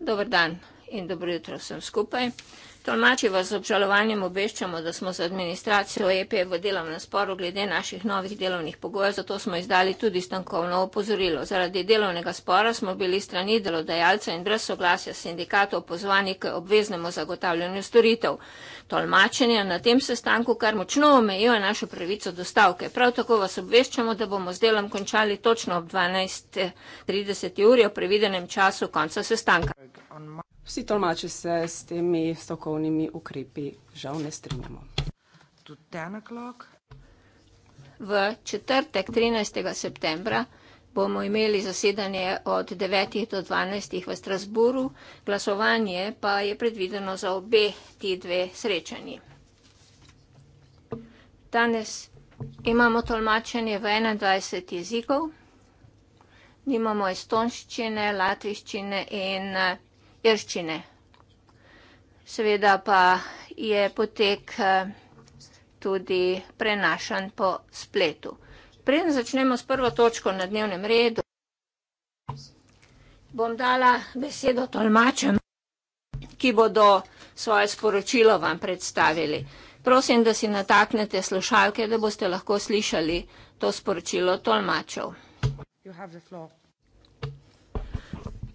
Dober dan in dobro jutro vsem skupaj. Tolmači vas z obžalovanjem obveščamo, da smo z administracijo EP v delovnem sporu glede naših novih delovnih pogojev, zato smo izdali tudi stankovno opozorilo. Zaradi delovnega spora smo bili strani delodajalca in brez soglasja sindikatov pozvani k obveznemu zagotavljanju storitev. Tolmačenja na tem sestanku kar močno omejijo našo pravico do stavke. Prav tako vas obveščamo, da bomo z delom končali točno ob 12.30 uri o previdenem času konca sestanka. Vsi tolmači se s temi strokovnimi ukrepi žal ne strinjamo. V četrtek 13. septembra bomo imeli zasedanje od 9. do 12. v Strasburu, glasovanje pa je predvideno za obe ti dve srečanji. Danes imamo tolmačenje v 21 jezikov, nimamo estonščine, latviščine in irščine. Seveda pa je potek eh, tudi prenašan po spletu. Preden začnemo s prvo točko na dnevnem redu, bom dala besedo tolmačem, ki bodo svoje sporočilo vam predstavili. Prosim, da si nataknete slušalke, da boste lahko slišali to sporočilo tolmačev. You have the floor.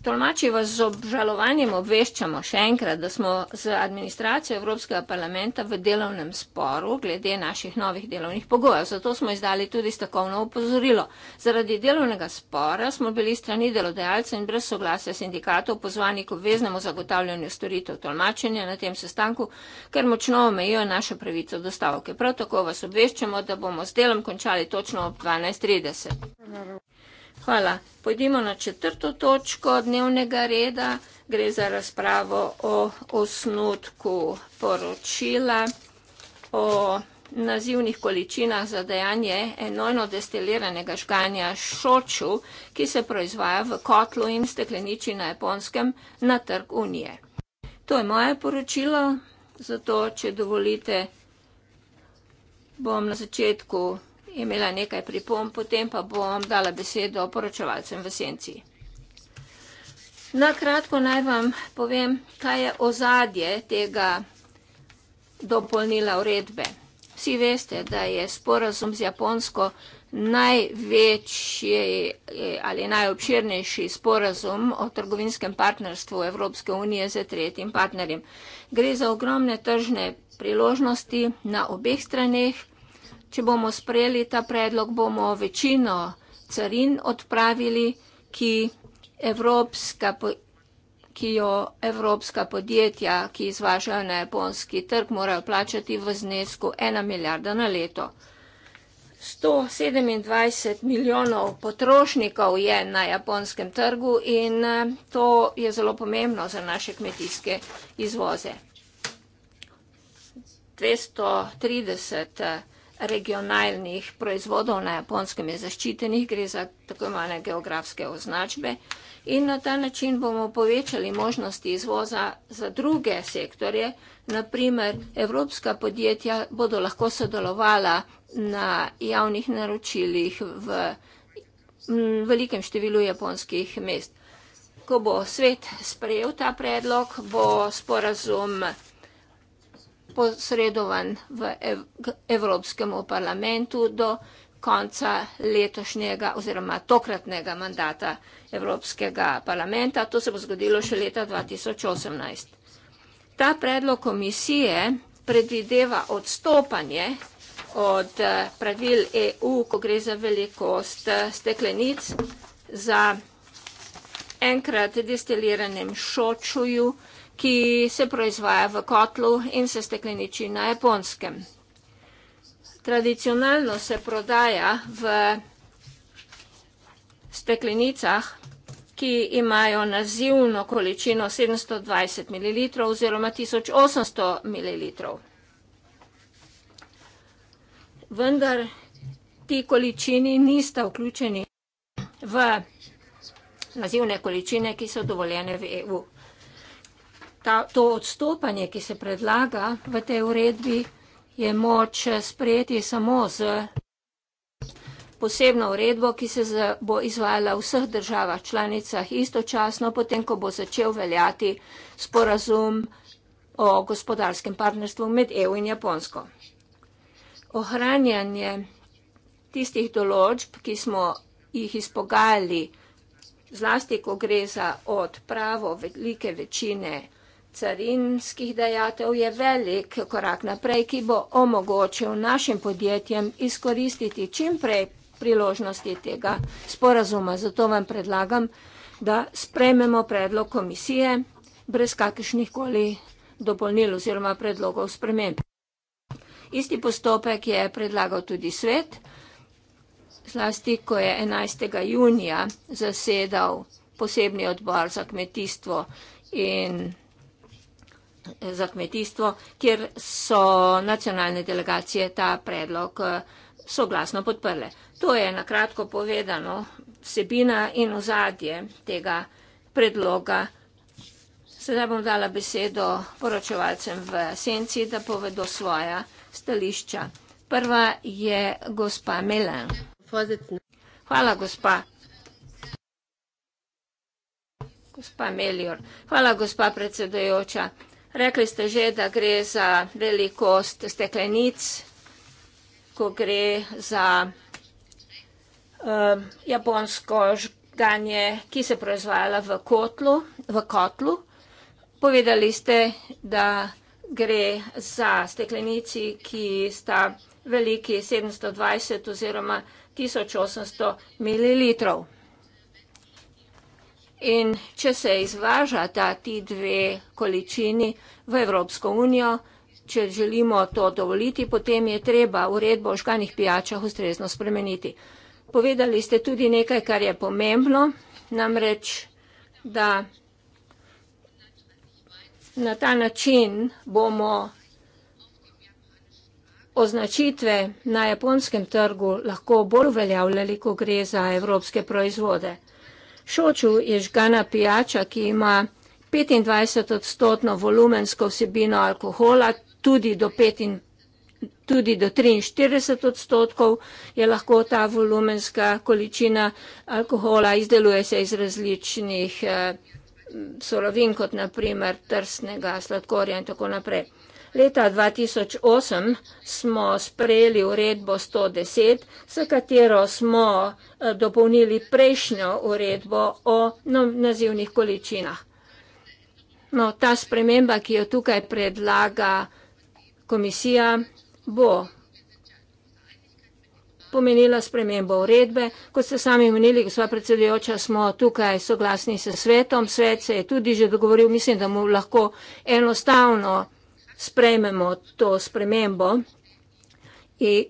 Tolmači vas z obžalovanjem obveščamo še enkrat, da smo z administracijo Evropskega parlamenta v delovnem sporu glede naših novih delovnih pogojev. Zato smo izdali tudi stakovno opozorilo. Zaradi delovnega spora smo bili strani delodajalca in brez soglasja sindikatov pozvani k obveznemu zagotavljanju storitev tolmačenja na tem sestanku, ker močno omejijo našo pravico do stavke. Prav tako vas obveščamo, da bomo s delom končali točno ob 12.30. Hvala. Pojdimo na četrto točko dnevnega reda. Gre za razpravo o osnutku poročila o nazivnih količinah za dejanje enojno destiliranega žganja šoču, ki se proizvaja v kotlu in stekleniči na japonskem na trg Unije. To je moje poročilo, zato, če dovolite, bom na začetku imela nekaj pripomb, potem pa bom dala besedo poročevalcem v senci. Na kratko naj vam povem, kaj je ozadje tega dopolnila uredbe. Vsi veste, da je sporazum z Japonsko največji ali najobširnejši sporazum o trgovinskem partnerstvu Evropske unije z tretjim partnerjem. Gre za ogromne tržne priložnosti na obeh straneh če bomo sprejeli ta predlog, bomo večino carin odpravili, ki, evropska, ki jo evropska podjetja, ki izvažajo na japonski trg, morajo plačati v znesku 1 milijarda na leto. 127 milijonov potrošnikov je na japonskem trgu in to je zelo pomembno za naše kmetijske izvoze. 230 regionalnih proizvodov na japonskem je zaščitenih, gre za tako imane geografske označbe. In na ta način bomo povečali možnosti izvoza za druge sektorje. Naprimer, evropska podjetja bodo lahko sodelovala na javnih naročilih v velikem številu japonskih mest. Ko bo svet sprejel ta predlog, bo sporazum posredovan v ev Evropskemu parlamentu do konca letošnjega oziroma tokratnega mandata Evropskega parlamenta. To se bo zgodilo še leta 2018. Ta predlog komisije predvideva odstopanje od eh, pravil EU, ko gre za velikost eh, steklenic za enkrat destiliranem šočuju, ki se proizvaja v kotlu in se stekleniči na japonskem. Tradicionalno se prodaja v steklenicah, ki imajo nazivno količino 720 ml oziroma 1800 ml. Vendar ti količini nista vključeni v nazivne količine, ki so dovoljene v EU ta, to odstopanje, ki se predlaga v tej uredbi, je moč sprejeti samo z posebno uredbo, ki se z, bo izvajala v vseh državah članicah istočasno, potem, ko bo začel veljati sporazum o gospodarskem partnerstvu med EU in Japonsko. Ohranjanje tistih določb, ki smo jih izpogajali, zlasti, ko gre za odpravo velike večine carinskih dejatev je velik korak naprej, ki bo omogočil našim podjetjem izkoristiti čim prej priložnosti tega sporazuma. Zato vam predlagam, da sprememo predlog komisije brez kakršnih koli dopolnil oziroma predlogov sprememb. Isti postopek je predlagal tudi svet, zlasti ko je 11. junija zasedal posebni odbor za kmetijstvo in kmetijstvo za kmetijstvo, kjer so nacionalne delegacije ta predlog eh, soglasno podprle. To je na kratko povedano vsebina in ozadje tega predloga. Sedaj bom dala besedo poročevalcem v senci, da povedo svoja stališča. Prva je gospa Melan. Hvala, gospa. Gospa Melior. Hvala, gospa predsedojoča. Rekli ste že, da gre za velikost steklenic, ko gre za um, japonsko žganje, ki se proizvajala v, kotlu, v kotlu. Povedali ste, da gre za steklenici, ki sta veliki 720 oziroma 1800 ml. In če se izvaža ta ti dve količini v Evropsko unijo, če želimo to dovoliti, potem je treba uredbo o žganih pijačah ustrezno spremeniti. Povedali ste tudi nekaj, kar je pomembno, namreč, da na ta način bomo označitve na japonskem trgu lahko bolj uveljavljali, ko gre za evropske proizvode. Šoču je žgana pijača, ki ima 25 odstotno volumensko vsebino alkohola, tudi do, in, tudi do 43 odstotkov je lahko ta volumenska količina alkohola, izdeluje se iz različnih eh, sorovin, kot naprimer trstnega sladkorja in tako naprej. Leta 2008 smo sprejeli uredbo 110, s katero smo eh, dopolnili prejšnjo uredbo o nazivnih količinah. No, ta sprememba, ki jo tukaj predlaga komisija, bo pomenila spremembo uredbe. Kot ste sami menili, gospod predsedujoča, smo tukaj soglasni s svetom. Svet se je tudi že dogovoril, mislim, da mu lahko enostavno sprejmemo to spremembo,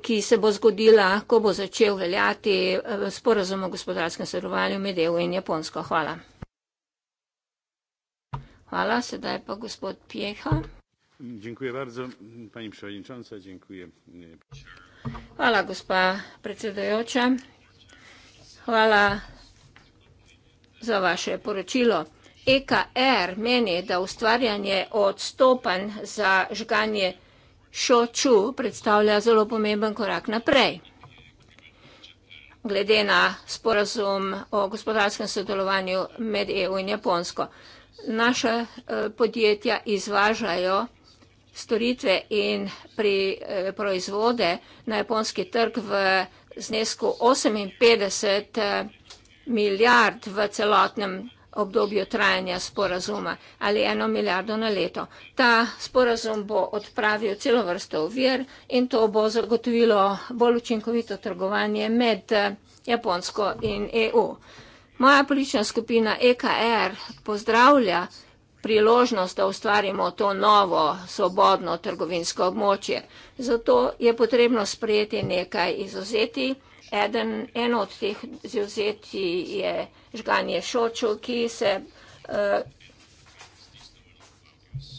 ki se bo zgodila, ko bo začel veljati eh, sporazum o gospodarskem sodelovanju med EU in Japonsko. Hvala. Hvala, sedaj pa gospod Pjeha. Dziękuję bardzo, pani przewodnicząca. Dziękuję. Hvala, gospa predsedujoča. Hvala za vaše poročilo. EKR meni, da ustvarjanje odstopanj za žganje šoču predstavlja zelo pomemben korak naprej. Glede na sporazum o gospodarskem sodelovanju med EU in Japonsko. Naša eh, podjetja izvažajo storitve in pri eh, proizvode na japonski trg v znesku 58 eh, milijard v celotnem obdobju trajanja sporazuma ali eno milijardo na leto. Ta sporazum bo odpravil celo vrsto ovir in to bo zagotovilo bolj učinkovito trgovanje med eh, Japonsko in EU. Moja politična skupina EKR pozdravlja priložnost, da ustvarimo to novo svobodno trgovinsko območje. Zato je potrebno sprejeti nekaj izuzeti eden, eno od teh zauzeti je žganje šočo, ki se uh,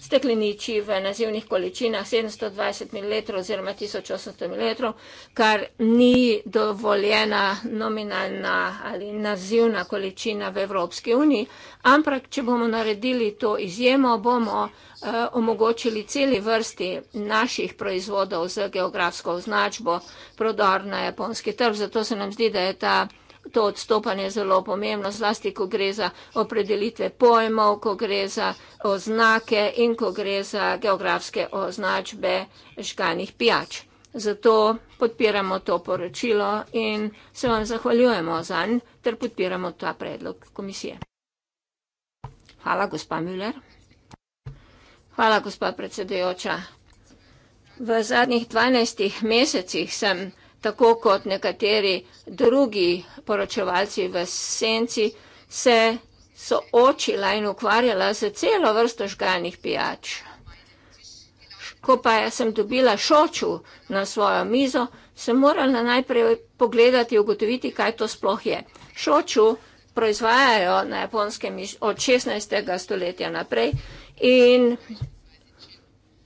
stekleniči v nazivnih količinah 720 ml oziroma 1800 ml, kar ni dovoljena nominalna ali nazivna količina v Evropski uniji, ampak če bomo naredili to izjemo, bomo eh, omogočili celi vrsti naših proizvodov z geografsko označbo prodor na japonski trg. Zato se nam zdi, da je ta to odstopanje zelo pomembno, zlasti ko gre za opredelitve pojmov, ko gre za oznake in ko gre za geografske označbe žganih pijač. Zato podpiramo to poročilo in se vam zahvaljujemo za nj ter podpiramo ta predlog komisije. Hvala, gospa Müller. Hvala, gospa predsedujoča. V zadnjih 12 mesecih sem tako kot nekateri drugi poročevalci v senci, se soočila in ukvarjala z celo vrsto žganih pijač. Ko pa sem dobila šoču na svojo mizo, sem morala najprej pogledati in ugotoviti, kaj to sploh je. Šoču proizvajajo na japonskem od 16. stoletja naprej in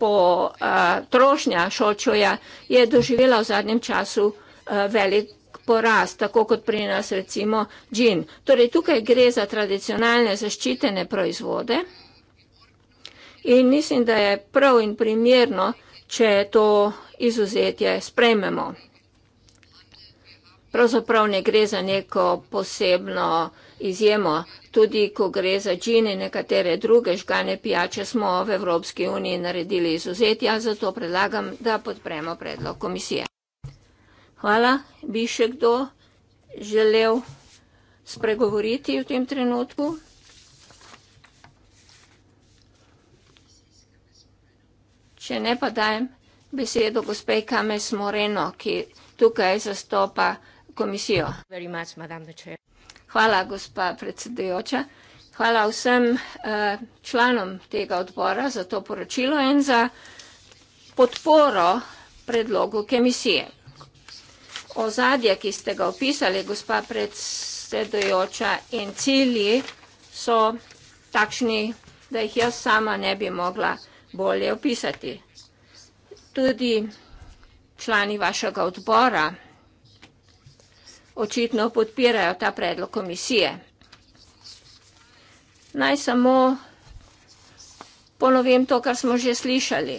po uh, trošnja šočoja je doživela v zadnjem času uh, velik porast, tako kot pri nas recimo džin. Torej tukaj gre za tradicionalne zaščitene proizvode in mislim, da je prav in primerno, če to izuzetje sprememo. Pravzaprav ne gre za neko posebno izjemo, Tudi ko gre za džin in nekatere druge žgane pijače, smo v Evropski uniji naredili izuzetja, zato predlagam, da podpremo predlog komisije. Hvala. Bi še kdo želel spregovoriti v tem trenutku? Če ne, pa dajem besedo gospe Kame Smoreno, ki tukaj zastopa komisijo. Very much, Hvala, gospa predsedujoča. Hvala vsem eh, članom tega odbora za to poročilo in za podporo predlogu komisije. Ozadje, ki ste ga opisali, gospa predsedujoča, in cilji so takšni, da jih jaz sama ne bi mogla bolje opisati. Tudi člani vašega odbora, očitno podpirajo ta predlog komisije. Naj samo ponovim to, kar smo že slišali.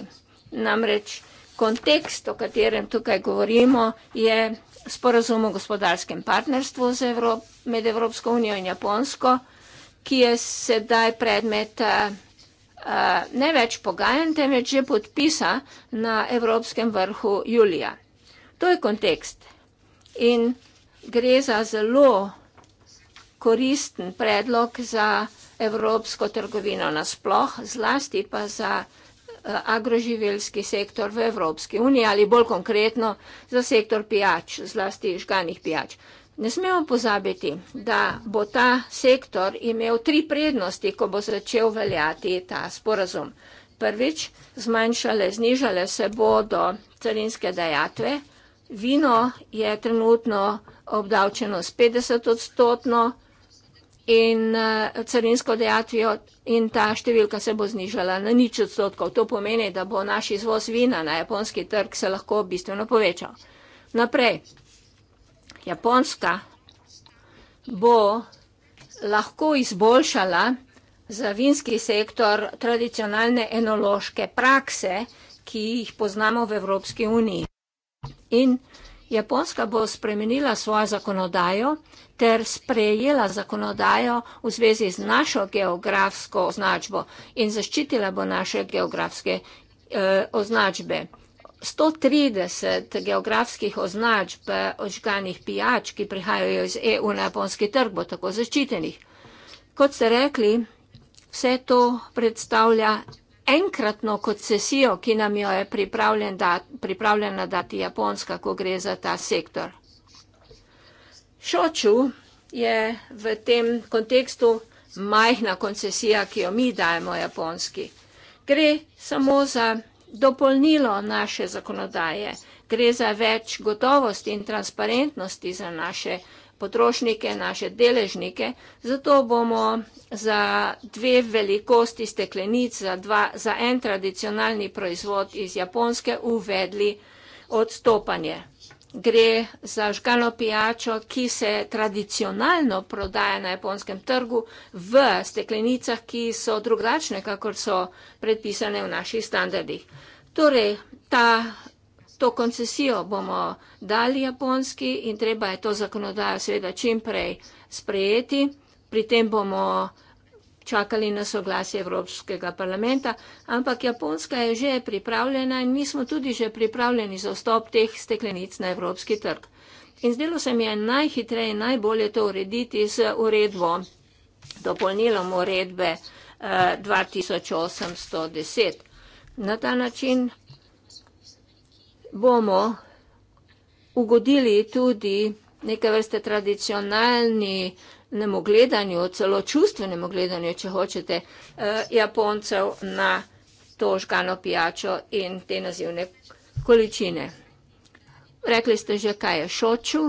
Namreč kontekst, o katerem tukaj govorimo, je sporazum o gospodarskem partnerstvu Evrop med Evropsko unijo in Japonsko, ki je sedaj predmet uh, ne več pogajan, temveč že podpisa na Evropskem vrhu julija. To je kontekst. In gre za zelo koristen predlog za evropsko trgovino nasploh, zlasti pa za eh, agroživelski sektor v Evropski uniji ali bolj konkretno za sektor pijač, zlasti žganih pijač. Ne smemo pozabiti, da bo ta sektor imel tri prednosti, ko bo začel veljati ta sporazum. Prvič, zmanjšale, znižale se bodo carinske dejatve. Vino je trenutno obdavčeno s 50 odstotno in eh, carinsko dejatvijo in ta številka se bo znižala na nič odstotkov. To pomeni, da bo naš izvoz vina na japonski trg se lahko bistveno povečal. Naprej, Japonska bo lahko izboljšala za vinski sektor tradicionalne enološke prakse, ki jih poznamo v Evropski uniji. In Japonska bo spremenila svojo zakonodajo ter sprejela zakonodajo v zvezi z našo geografsko označbo in zaščitila bo naše geografske eh, označbe. 130 geografskih označb eh, ožganih pijač, ki prihajajo iz EU na japonski trg, bo tako zaščitenih. Kot ste rekli, vse to predstavlja enkratno koncesijo, ki nam jo je pripravljen dat, pripravljena dati Japonska, ko gre za ta sektor. Šoču je v tem kontekstu majhna koncesija, ki jo mi dajemo Japonski. Gre samo za dopolnilo naše zakonodaje, gre za več gotovosti in transparentnosti za naše potrošnike, naše deležnike, zato bomo za dve velikosti steklenic, za, dva, za en tradicionalni proizvod iz Japonske uvedli odstopanje. Gre za žgano pijačo, ki se tradicionalno prodaja na japonskem trgu v steklenicah, ki so drugačne, kakor so predpisane v naših standardih. Torej, ta to koncesijo bomo dali Japonski in treba je to zakonodajo seveda čimprej sprejeti. Pri tem bomo čakali na soglasje Evropskega parlamenta, ampak Japonska je že pripravljena in mi smo tudi že pripravljeni za vstop teh steklenic na Evropski trg. In zdelo se mi je najhitreje in najbolje to urediti z uredbo, dopolnilom uredbe eh, 2810. Na ta način bomo ugodili tudi neke vrste tradicionalni nemogledanju, celo čustvenemu gledanju, če hočete, eh, Japoncev na to žgano pijačo in te nazivne količine. Rekli ste že, kaj je šoču.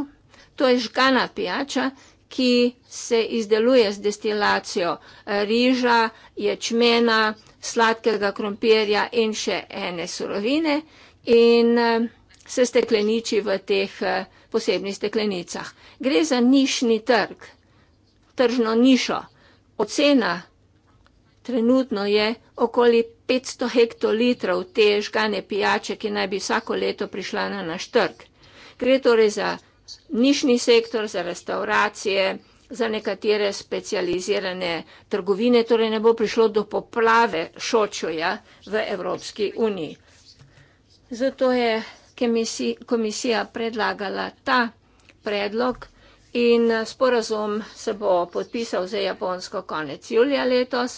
To je žgana pijača, ki se izdeluje z destilacijo eh, riža, ječmena, sladkega krompirja in še ene surovine, ki in eh, se stekleniči v teh eh, posebnih steklenicah. Gre za nišni trg, tržno nišo. Ocena trenutno je okoli 500 hektolitrov te žgane pijače, ki naj bi vsako leto prišla na naš trg. Gre torej za nišni sektor, za restauracije, za nekatere specializirane trgovine, torej ne bo prišlo do poplave šočoja v Evropski uniji. Zato je komisija predlagala ta predlog in eh, sporazum se bo podpisal za Japonsko konec julija letos.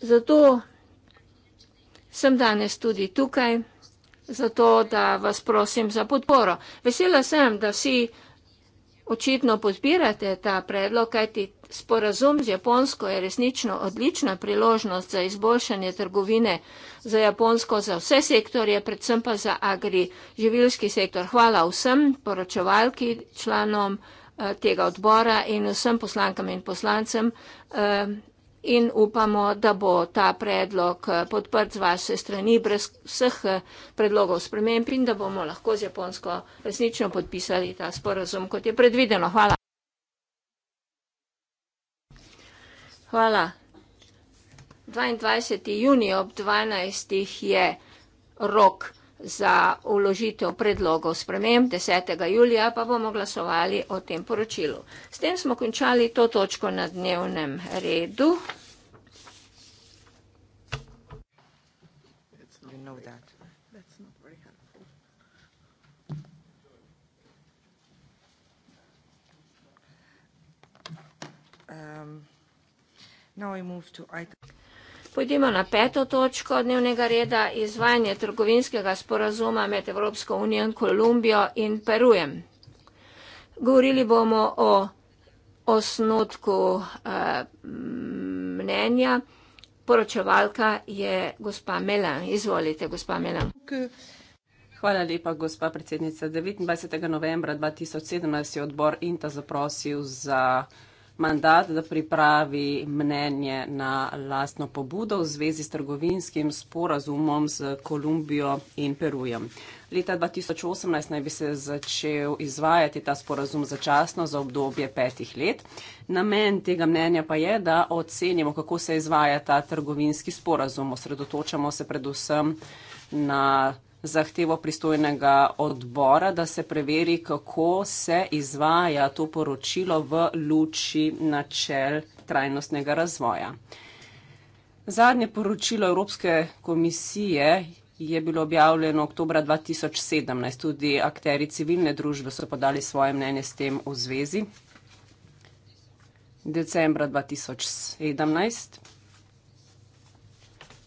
Zato sem danes tudi tukaj, zato da vas prosim za podporo. Vesela sem, da si vsi očitno podpirate ta predlog, kajti sporazum z Japonsko je resnično odlična priložnost za izboljšanje trgovine za Japonsko, za vse sektorje, predvsem pa za agriživilski sektor. Hvala vsem poročevalki, članom eh, tega odbora in vsem poslankam in poslancem. Eh, in upamo, da bo ta predlog eh, podprt z vaše strani brez vseh eh, predlogov sprememb in da bomo lahko z Japonsko resnično podpisali ta sporazum, kot je predvideno. Hvala. Hvala. 22. junij ob 12. je rok za uložitev predlogov sprememb, 10. julija pa bomo glasovali o tem poročilu. S tem smo končali to točko na dnevnem redu. Um, Pojdimo na peto točko dnevnega reda, izvajanje trgovinskega sporazuma med Evropsko unijo in Kolumbijo in Perujem. Govorili bomo o osnotku eh, mnenja. Poročevalka je gospa Melan. Izvolite, gospa Melan. Hvala lepa, gospa predsednica. 29. novembra 2017 je odbor INTA zaprosil za mandat, da pripravi mnenje na lastno pobudo v zvezi s trgovinskim sporazumom z Kolumbijo in Perujem. Leta 2018 naj bi se začel izvajati ta sporazum začasno za obdobje petih let. Namen tega mnenja pa je, da ocenimo, kako se izvaja ta trgovinski sporazum. Osredotočamo se predvsem na zahtevo pristojnega odbora, da se preveri, kako se izvaja to poročilo v luči načel trajnostnega razvoja. Zadnje poročilo Evropske komisije je bilo objavljeno oktober 2017. Tudi akteri civilne družbe so podali svoje mnenje s tem v zvezi. Decembra 2017.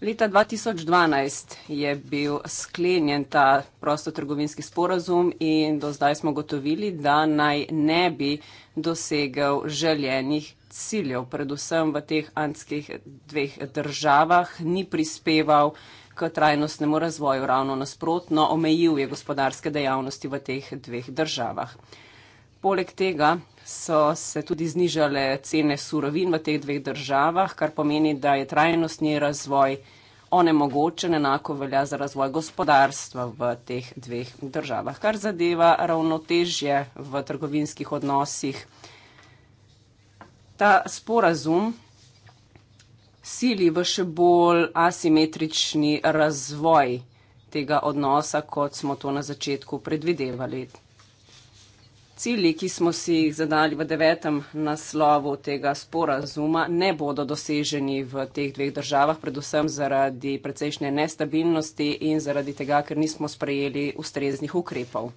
Leta 2012 je bil sklenjen ta prostotrgovinski sporazum in do zdaj smo gotovili, da naj ne bi dosegel željenih ciljev. Predvsem v teh antskih dveh državah ni prispeval k trajnostnemu razvoju, ravno nasprotno, omejil je gospodarske dejavnosti v teh dveh državah. Poleg tega so se tudi znižale cene surovin v teh dveh državah, kar pomeni, da je trajnostni razvoj onemogočen, enako velja za razvoj gospodarstva v teh dveh državah. Kar zadeva ravnotežje v trgovinskih odnosih, ta sporazum sili v še bolj asimetrični razvoj tega odnosa, kot smo to na začetku predvidevali cilji, ki smo si jih zadali v devetem naslovu tega sporazuma, ne bodo doseženi v teh dveh državah, predvsem zaradi precejšnje nestabilnosti in zaradi tega, ker nismo sprejeli ustreznih ukrepov.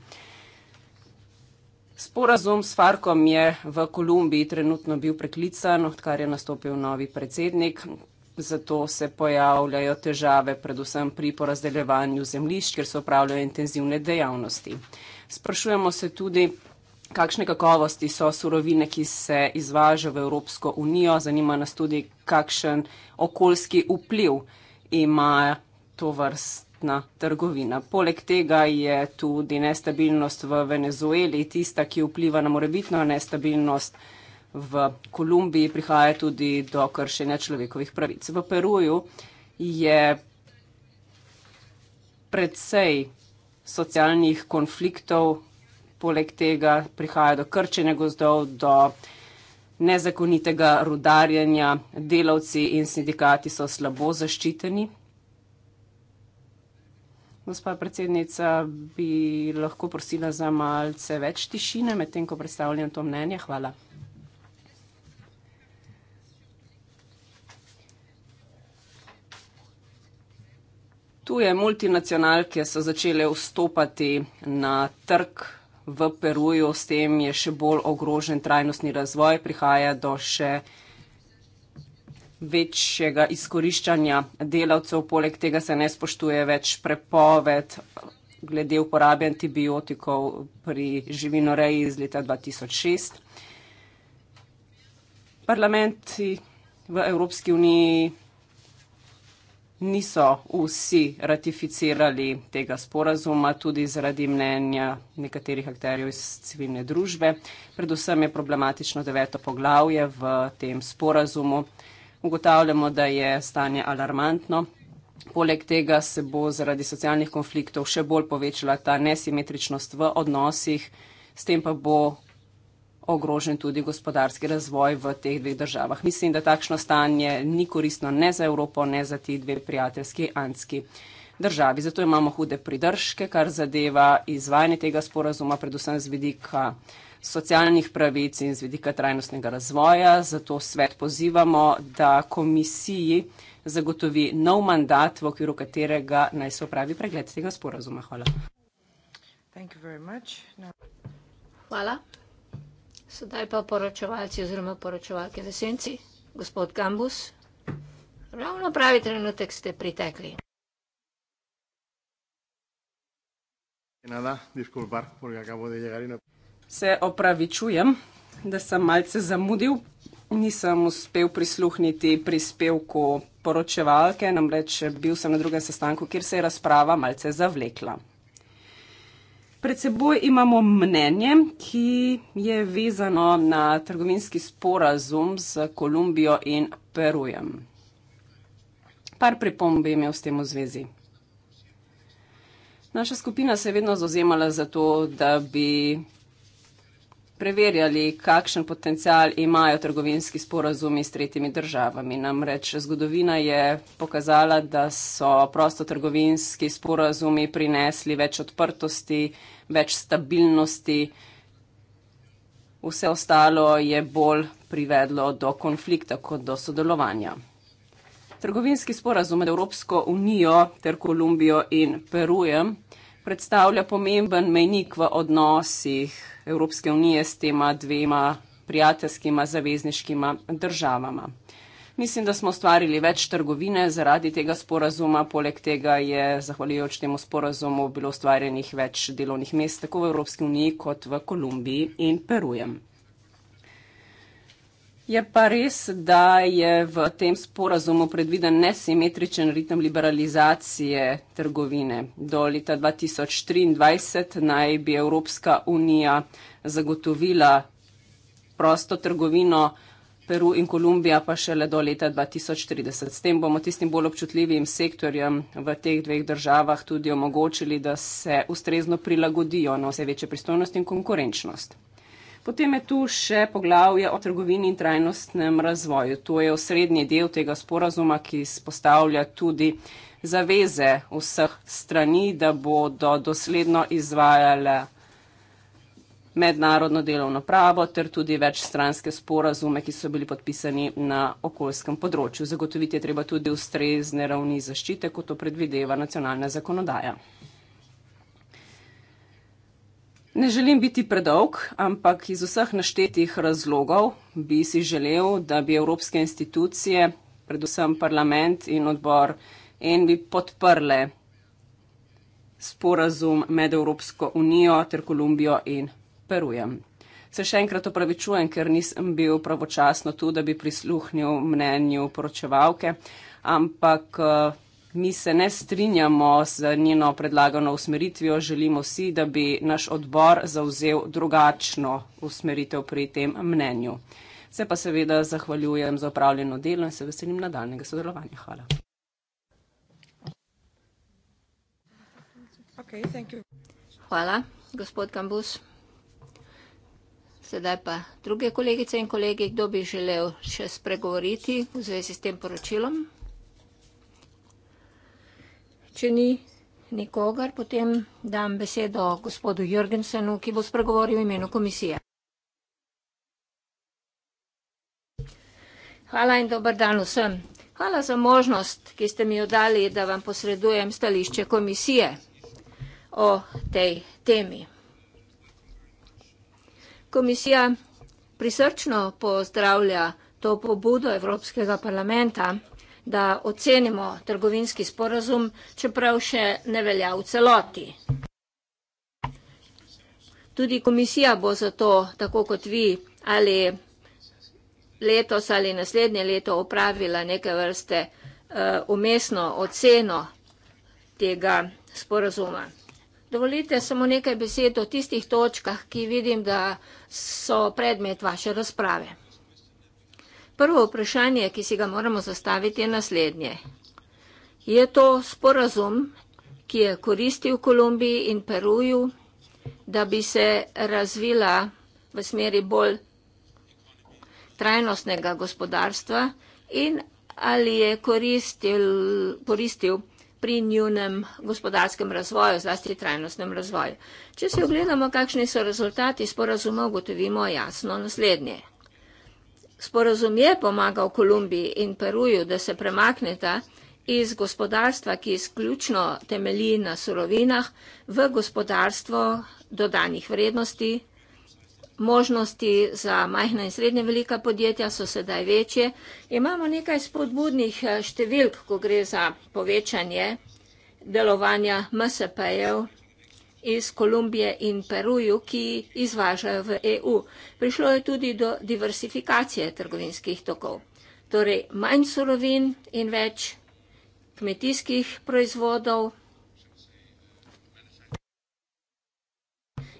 Sporazum s Farkom je v Kolumbiji trenutno bil preklican, odkar je nastopil novi predsednik. Zato se pojavljajo težave predvsem pri porazdeljevanju zemlišč, kjer se upravljajo intenzivne dejavnosti. Sprašujemo se tudi, kakšne kakovosti so surovine, ki se izvažajo v Evropsko unijo. Zanima nas tudi, kakšen okoljski vpliv ima to vrstna trgovina. Poleg tega je tudi nestabilnost v Venezueli tista, ki vpliva na morebitno nestabilnost. V Kolumbiji prihaja tudi do kršenja človekovih pravic. V Peruju je predvsej socialnih konfliktov, poleg tega prihaja do krčenja gozdov, do nezakonitega rudarjenja, delavci in sindikati so slabo zaščiteni. Gospa predsednica, bi lahko prosila za malce več tišine med tem, ko predstavljam to mnenje. Hvala. Tu je multinacionalke so začele vstopati na trg v Peruju, s tem je še bolj ogrožen trajnostni razvoj, prihaja do še večjega izkoriščanja delavcev, poleg tega se ne spoštuje več prepoved glede uporabe antibiotikov pri živinoreji iz leta 2006. Parlamenti v Evropski uniji niso vsi ratificirali tega sporazuma, tudi zaradi mnenja nekaterih akterjev iz civilne družbe. Predvsem je problematično deveto poglavje v tem sporazumu. Ugotavljamo, da je stanje alarmantno. Poleg tega se bo zaradi socialnih konfliktov še bolj povečala ta nesimetričnost v odnosih, s tem pa bo ogrožen tudi gospodarski razvoj v teh dveh državah. Mislim, da takšno stanje ni koristno ne za Evropo, ne za ti dve prijateljski anski državi. Zato imamo hude pridržke, kar zadeva izvajanje tega sporazuma, predvsem z vidika socialnih pravic in z vidika trajnostnega razvoja. Zato svet pozivamo, da komisiji zagotovi nov mandat, v okviru katerega naj se opravi pregled tega sporazuma. Hvala. Hvala. Sedaj pa poročevalci oziroma poročevalke v senci. Gospod Gambus, ravno pravi trenutek ste pritekli. No- se opravičujem, da sem malce zamudil. Nisem uspel prisluhniti prispevku poročevalke, namreč bil sem na drugem sestanku, kjer se je razprava malce zavlekla. Pred seboj imamo mnenje, ki je vezano na trgovinski sporazum z Kolumbijo in Perujem. Par pripomb je imel s tem v zvezi. Naša skupina se je vedno zauzemala za to, da bi preverjali, kakšen potencial imajo trgovinski sporazumi s tretjimi državami. Namreč zgodovina je pokazala, da so prostotrgovinski sporazumi prinesli več odprtosti, več stabilnosti. Vse ostalo je bolj privedlo do konflikta kot do sodelovanja. Trgovinski sporazum med Evropsko unijo ter Kolumbijo in Perujem predstavlja pomemben mejnik v odnosih Evropske unije s tema dvema prijateljskima zavezniškima državama. Mislim, da smo ustvarili več trgovine zaradi tega sporazuma. Poleg tega je zahvaljujoč temu sporazumu bilo ustvarjenih več delovnih mest tako v Evropski uniji kot v Kolumbiji in Perujem. Je pa res, da je v tem sporazumu predviden nesimetričen ritem liberalizacije trgovine. Do leta 2023 naj bi Evropska unija zagotovila prosto trgovino Peru in Kolumbija pa šele do leta 2030. S tem bomo tistim bolj občutljivim sektorjem v teh dveh državah tudi omogočili, da se ustrezno prilagodijo na vse večje pristojnosti in konkurenčnost. Potem je tu še poglavje o trgovini in trajnostnem razvoju. To je osrednji del tega sporazuma, ki spostavlja tudi zaveze vseh strani, da bodo dosledno izvajale mednarodno delovno pravo ter tudi večstranske sporazume, ki so bili podpisani na okoljskem področju. Zagotoviti je treba tudi ustrezne ravni zaščite, kot to predvideva nacionalna zakonodaja. Ne želim biti predolg, ampak iz vseh naštetih razlogov bi si želel, da bi evropske institucije, predvsem parlament in odbor ENVI podprle sporazum med Evropsko unijo ter Kolumbijo in Perujem. Se še enkrat opravičujem, ker nisem bil pravočasno tu, da bi prisluhnil mnenju poročevalke, ampak eh, mi se ne strinjamo z njeno predlagano usmeritvijo. Želimo si, da bi naš odbor zauzel drugačno usmeritev pri tem mnenju. Se pa seveda zahvaljujem za opravljeno delo in se veselim nadaljnega sodelovanja. Hvala. Okay, Hvala, gospod Gambus. Sedaj pa druge kolegice in kolegi, kdo bi želel še spregovoriti v zvezi s tem poročilom? Če ni nikogar, potem dam besedo gospodu Jürgensenu, ki bo spregovoril v imenu komisije. Hvala in dober dan vsem. Hvala za možnost, ki ste mi jo dali, da vam posredujem stališče komisije o tej temi. Komisija prisrčno pozdravlja to pobudo Evropskega parlamenta, da ocenimo trgovinski sporazum, čeprav še ne velja v celoti. Tudi komisija bo zato, tako kot vi, ali letos ali naslednje leto opravila neke vrste uh, umestno oceno tega sporazuma. Dovolite samo nekaj besed o tistih točkah, ki vidim, da so predmet vaše razprave. Prvo vprašanje, ki si ga moramo zastaviti, je naslednje. Je to sporazum, ki je koristil Kolumbiji in Peruju, da bi se razvila v smeri bolj trajnostnega gospodarstva in ali je koristil, koristil pri njunem gospodarskem razvoju, zlasti trajnostnem razvoju. Če si ogledamo, kakšni so rezultati sporazuma, ugotovimo jasno naslednje. Sporazum je pomagal Kolumbiji in Peruju, da se premakneta iz gospodarstva, ki izključno temelji na surovinah, v gospodarstvo dodanih vrednosti, možnosti za majhna in srednje velika podjetja so sedaj večje. Imamo nekaj spodbudnih eh, številk, ko gre za povečanje delovanja MSP-jev iz Kolumbije in Peruju, ki izvažajo v EU. Prišlo je tudi do diversifikacije trgovinskih tokov. Torej, manj surovin in več kmetijskih proizvodov,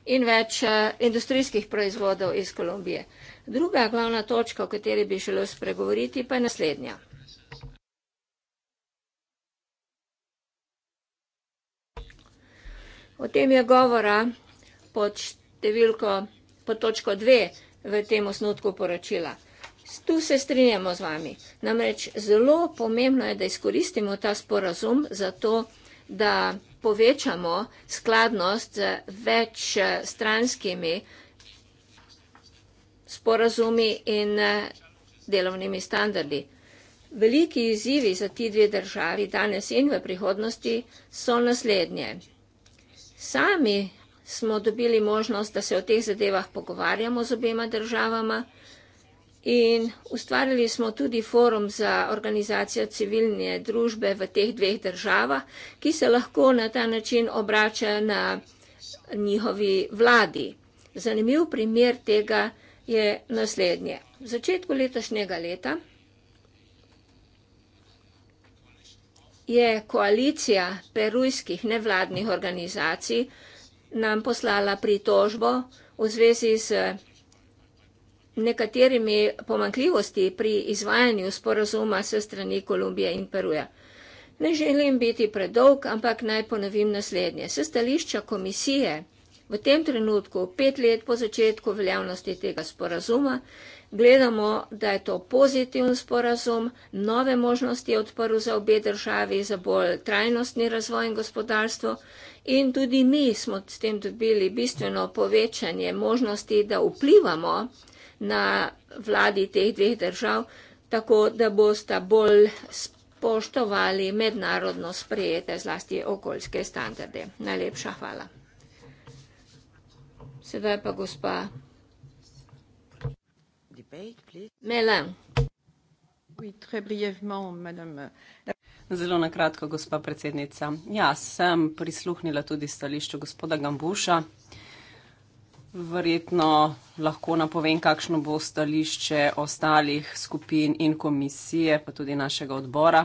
in več eh, industrijskih proizvodov iz Kolumbije. Druga glavna točka, o kateri bi želel spregovoriti, pa je naslednja. O tem je govora pod številko, pod točko dve v tem osnutku poročila. Tu se strinjamo z vami. Namreč zelo pomembno je, da izkoristimo ta sporazum za to, da izkoristimo povečamo skladnost z več stranskimi sporazumi in eh, delovnimi standardi. Veliki izzivi za ti dve državi danes in v prihodnosti so naslednje. Sami smo dobili možnost, da se o teh zadevah pogovarjamo z obema državama. In ustvarili smo tudi forum za organizacijo civilne družbe v teh dveh državah, ki se lahko na ta način obrača na njihovi vladi. Zanimiv primer tega je naslednje. V začetku letošnjega leta je koalicija perujskih nevladnih organizacij nam poslala pritožbo v zvezi z vladnih organizacij, nekaterimi pomankljivosti pri izvajanju sporazuma s strani Kolumbije in Peruja. Ne želim biti predolg, ampak naj ponovim naslednje. Se stališča komisije v tem trenutku, pet let po začetku veljavnosti tega sporazuma, gledamo, da je to pozitiven sporazum, nove možnosti je odprl za obe državi za bolj trajnostni razvoj in gospodarstvo in tudi mi smo s tem dobili bistveno povečanje možnosti, da vplivamo na vladi teh dveh držav, tako da bosta bolj spoštovali mednarodno sprejete zlasti okoljske standarde. Najlepša hvala. Sedaj pa gospa. Melan. Zelo nakratko, gospa predsednica. Ja, sem prisluhnila tudi stališču gospoda Gambuša. Verjetno lahko napovem, kakšno bo stališče ostalih skupin in komisije, pa tudi našega odbora.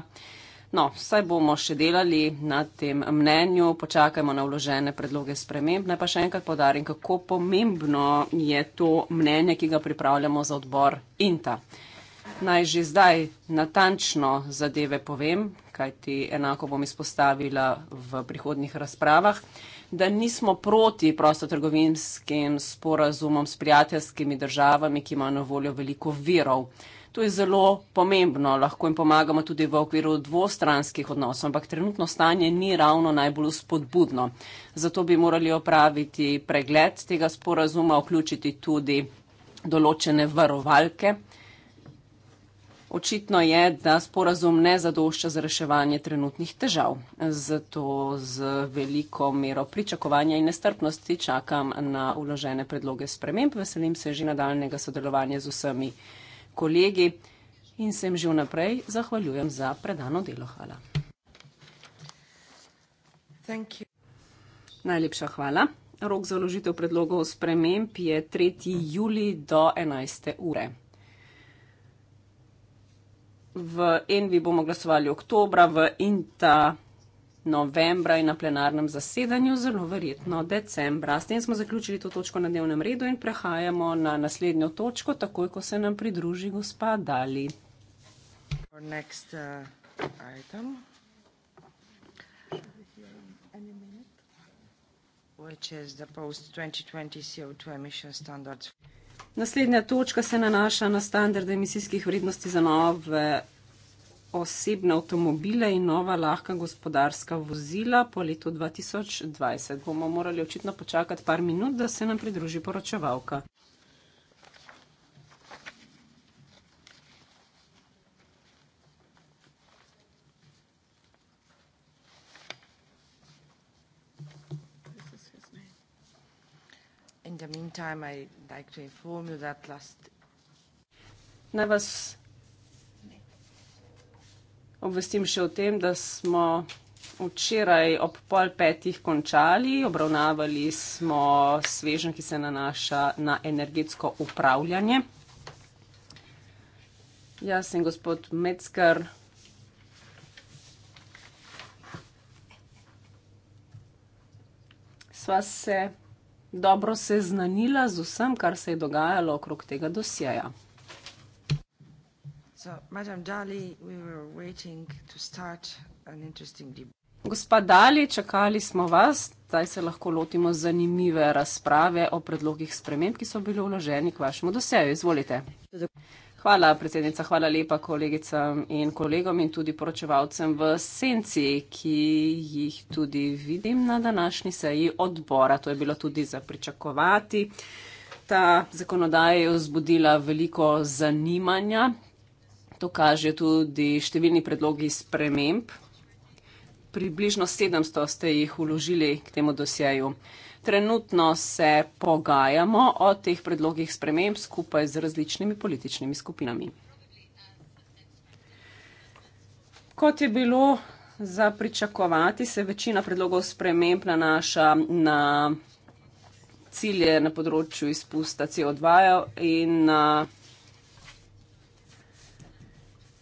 No, saj bomo še delali na tem mnenju, počakajmo na vložene predloge sprememb. Naj pa še enkrat podarim, kako pomembno je to mnenje, ki ga pripravljamo za odbor INTA. Naj že zdaj natančno zadeve povem, kajti enako bom izpostavila v prihodnjih razpravah da nismo proti prostotrgovinskim sporazumom s prijateljskimi državami, ki imajo na voljo veliko virov. To je zelo pomembno, lahko jim pomagamo tudi v okviru dvostranskih odnosov, ampak trenutno stanje ni ravno najbolj spodbudno. Zato bi morali opraviti pregled tega sporazuma, vključiti tudi določene varovalke. Očitno je, da sporazum ne zadošča za reševanje trenutnih težav. Zato z veliko mero pričakovanja in nestrpnosti čakam na uložene predloge sprememb. Veselim se že nadaljnega sodelovanja z vsemi kolegi in sem že vnaprej zahvaljujem za predano delo. Hvala. Najlepša hvala. Rok za uložitev predlogov sprememb je 3. juli do 11. ure v Envi bomo glasovali oktobra, v Inta novembra in na plenarnem zasedanju zelo verjetno decembra. S tem smo zaključili to točko na dnevnem redu in prehajamo na naslednjo točko, takoj ko se nam pridruži gospa Dali. Uh, Which is the post 2020 CO2 emission standards. Naslednja točka se nanaša na standarde emisijskih vrednosti za nove osebne avtomobile in nova lahka gospodarska vozila po letu 2020. Bomo morali očitno počakati par minut, da se nam pridruži poročevalka. the meantime, I'd like to inform you that last... Naj vas obvestim še o tem, da smo včeraj ob pol petih končali, obravnavali smo svežen, ki se nanaša na energetsko upravljanje. Jaz sem gospod Metzger, sva se dobro seznanila z vsem, kar se je dogajalo okrog tega dosjeja. Gospa Dali, čakali smo vas, zdaj se lahko lotimo zanimive razprave o predlogih sprememb, ki so bili vloženi k vašemu dosjeju. Izvolite. Zdaj. Hvala, predsednica, hvala lepa kolegicam in kolegom in tudi poročevalcem v senci, ki jih tudi vidim na današnji seji odbora. To je bilo tudi za pričakovati. Ta zakonodaja je vzbudila veliko zanimanja. To kaže tudi številni predlogi sprememb. Približno 700 ste jih uložili k temu dosjeju. Trenutno se pogajamo o teh predlogih sprememb skupaj z različnimi političnimi skupinami. Kot je bilo za pričakovati, se večina predlogov sprememb nanaša na cilje na področju izpusta CO2 in na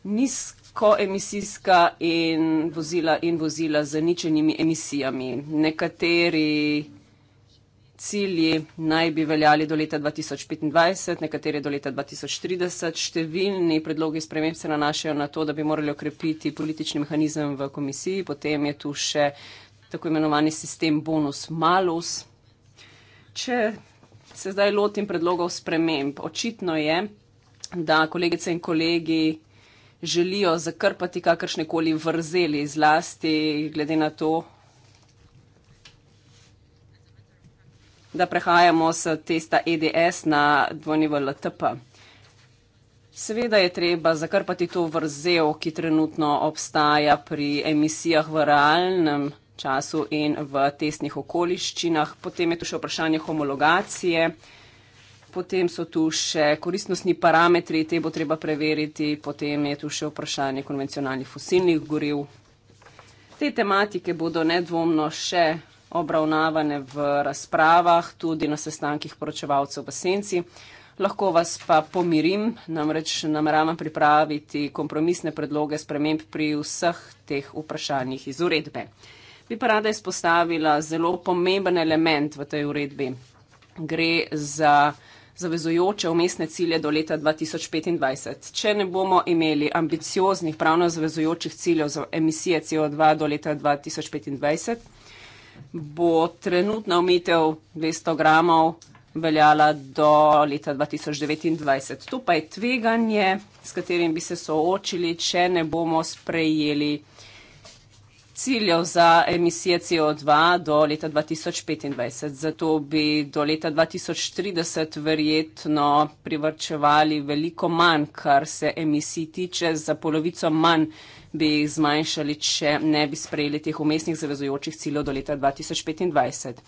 nizkoemisijska in vozila in vozila z ničenimi emisijami. Nekateri cilji naj bi veljali do leta 2025, nekateri do leta 2030. Številni predlogi sprememb se nanašajo na to, da bi morali okrepiti politični mehanizem v komisiji. Potem je tu še tako imenovani sistem bonus malus. Če se zdaj lotim predlogov sprememb, očitno je, da kolegice in kolegi želijo zakrpati kakršne koli vrzeli zlasti glede na to, da prehajamo s testa EDS na dvojnivo LTP. Seveda je treba zakrpati to vrzel, ki trenutno obstaja pri emisijah v realnem času in v testnih okoliščinah. Potem je tu še vprašanje homologacije, potem so tu še koristnostni parametri, te bo treba preveriti, potem je tu še vprašanje konvencionalnih fosilnih goriv. Te tematike bodo nedvomno še obravnavane v razpravah, tudi na sestankih poročevalcev v senci. Lahko vas pa pomirim, namreč nameravam pripraviti kompromisne predloge sprememb pri vseh teh vprašanjih iz uredbe. Bi pa rada izpostavila zelo pomemben element v tej uredbi. Gre za zavezujoče umestne cilje do leta 2025. Če ne bomo imeli ambicioznih pravno zavezujočih ciljev za emisije CO2 do leta 2025, bo trenutna omitev 200 gramov veljala do leta 2029. To pa je tveganje, s katerim bi se soočili, če ne bomo sprejeli ciljev za emisije CO2 do leta 2025. Zato bi do leta 2030 verjetno privrčevali veliko manj, kar se emisij tiče, za polovico manj bi jih zmanjšali, če ne bi sprejeli teh umestnih zavezujočih ciljev do leta 2025.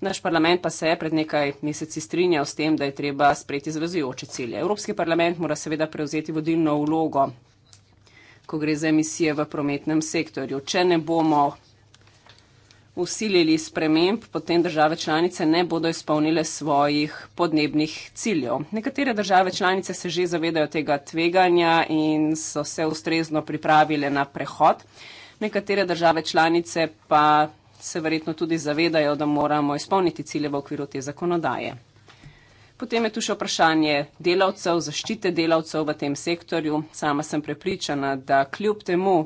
Naš parlament pa se je pred nekaj meseci strinjal s tem, da je treba sprejeti zavezujoče cilje. Evropski parlament mora seveda prevzeti vodilno vlogo, ko gre za emisije v prometnem sektorju. Če ne bomo usilili sprememb, potem države članice ne bodo izpolnile svojih podnebnih ciljev. Nekatere države članice se že zavedajo tega tveganja in so se ustrezno pripravile na prehod, nekatere države članice pa se verjetno tudi zavedajo, da moramo izpolniti cilje v okviru te zakonodaje. Potem je tu še vprašanje delavcev, zaščite delavcev v tem sektorju. Sama sem prepričana, da kljub temu,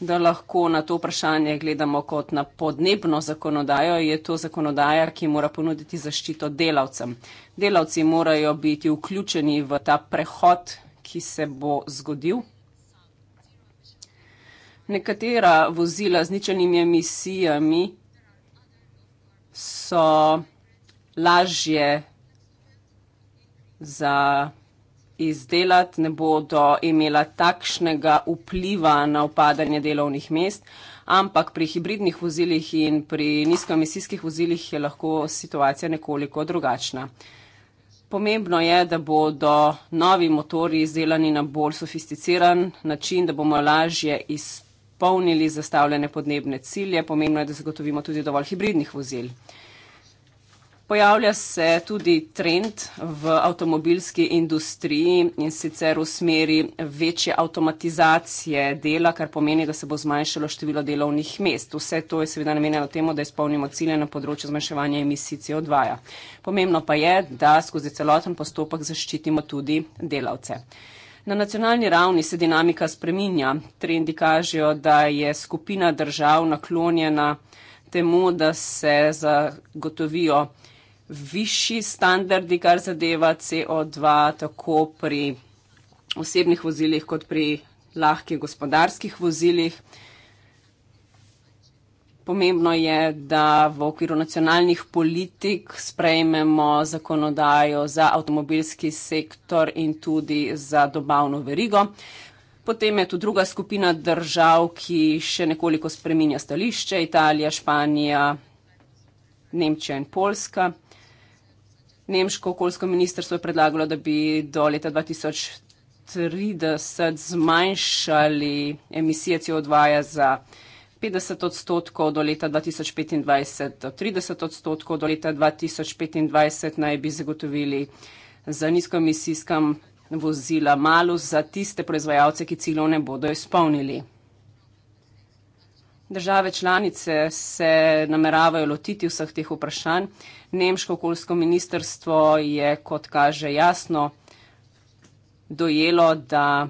da lahko na to vprašanje gledamo kot na podnebno zakonodajo, je to zakonodaja, ki mora ponuditi zaščito delavcem. Delavci morajo biti vključeni v ta prehod, ki se bo zgodil. Nekatera vozila z ničelnimi emisijami so lažje za izdelati, ne bodo imela takšnega vpliva na upadanje delovnih mest, ampak pri hibridnih vozilih in pri nizkoemisijskih vozilih je lahko situacija nekoliko drugačna. Pomembno je, da bodo novi motori izdelani na bolj sofisticiran način, da bomo lažje izpolnili zastavljene podnebne cilje. Pomembno je, da zagotovimo tudi dovolj hibridnih vozil. Pojavlja se tudi trend v avtomobilski industriji in sicer v smeri večje avtomatizacije dela, kar pomeni, da se bo zmanjšalo število delovnih mest. Vse to je seveda namenjeno temu, da izpolnimo cilje na področju zmanjševanja emisij CO2. -ja. Pomembno pa je, da skozi celoten postopek zaščitimo tudi delavce. Na nacionalni ravni se dinamika spreminja. Trendi kažejo, da je skupina držav naklonjena temu, da se zagotovijo višji standardi, kar zadeva CO2, tako pri osebnih vozilih, kot pri lahkih gospodarskih vozilih. Pomembno je, da v okviru nacionalnih politik sprejmemo zakonodajo za avtomobilski sektor in tudi za dobavno verigo. Potem je tu druga skupina držav, ki še nekoliko spreminja stališče, Italija, Španija, Nemčija in Poljska. Nemško okoljsko ministrstvo je predlagalo, da bi do leta 2030 zmanjšali emisije CO2 ja za 50 odstotkov, do leta 2025 do 30 odstotkov, do leta 2025 naj bi zagotovili za nizkoemisijska vozila malo za tiste proizvajalce, ki ciljev ne bodo izpolnili. Države članice se nameravajo lotiti vseh teh vprašanj. Nemško okoljsko ministrstvo je, kot kaže, jasno dojelo, da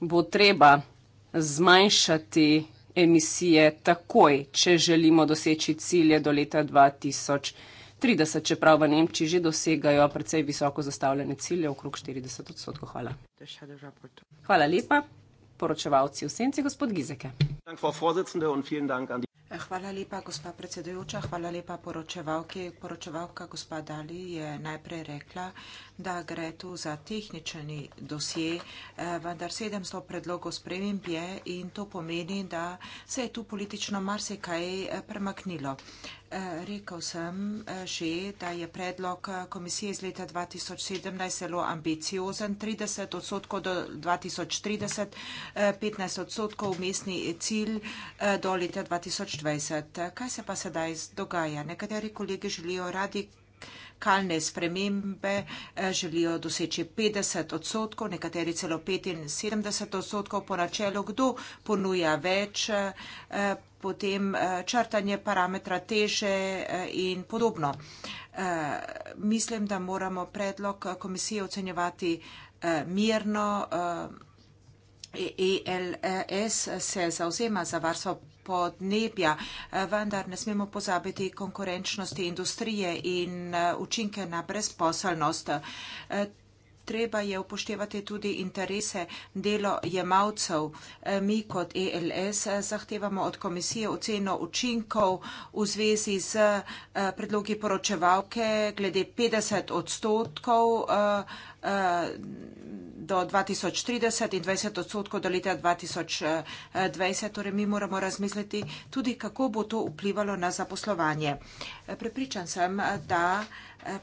bo treba zmanjšati emisije takoj, če želimo doseči cilje do leta 2030, čeprav v Nemčiji že dosegajo precej visoko zastavljene cilje, okrog 40 odstotkov. Hvala. Hvala lepa. Poročevalci v senci, gospod Gizeke. Hvala lepa, gospa predsedujoča. Hvala lepa poročevalki. Poročevalka gospa Dali je najprej rekla, da gre tu za tehnični dosje, eh, vendar 700 predlogov sprememb je in to pomeni, da se je tu politično marsikaj eh, premaknilo. Rekel sem eh, že, da je predlog eh, komisije iz leta 2017 zelo ambiciozen, 30 odstotkov do 2030, 15 eh, odstotkov umestni cilj do leta 2020. Kaj se pa sedaj dogaja? Nekateri kolegi želijo radikalno radikalne spremembe eh, želijo doseči 50 odstotkov, nekateri celo 75 odstotkov po načelu, kdo ponuja več, eh, potem eh, črtanje parametra teže in podobno. Mislim, da moramo predlog komisije ocenjevati mirno. ELS e e se zauzema za varstvo podnebja, eh, vendar ne smemo pozabiti konkurenčnosti industrije in eh, učinke na brezposelnost. Eh, treba je upoštevati tudi interese delojemalcev. E, mi kot ELS e, zahtevamo od komisije oceno učinkov v zvezi z e, predlogi poročevalke glede 50 odstotkov do 2030 in 20 odstotkov do leta 2020. Torej, mi moramo razmisliti tudi, kako bo to vplivalo na zaposlovanje. Prepričan sem, da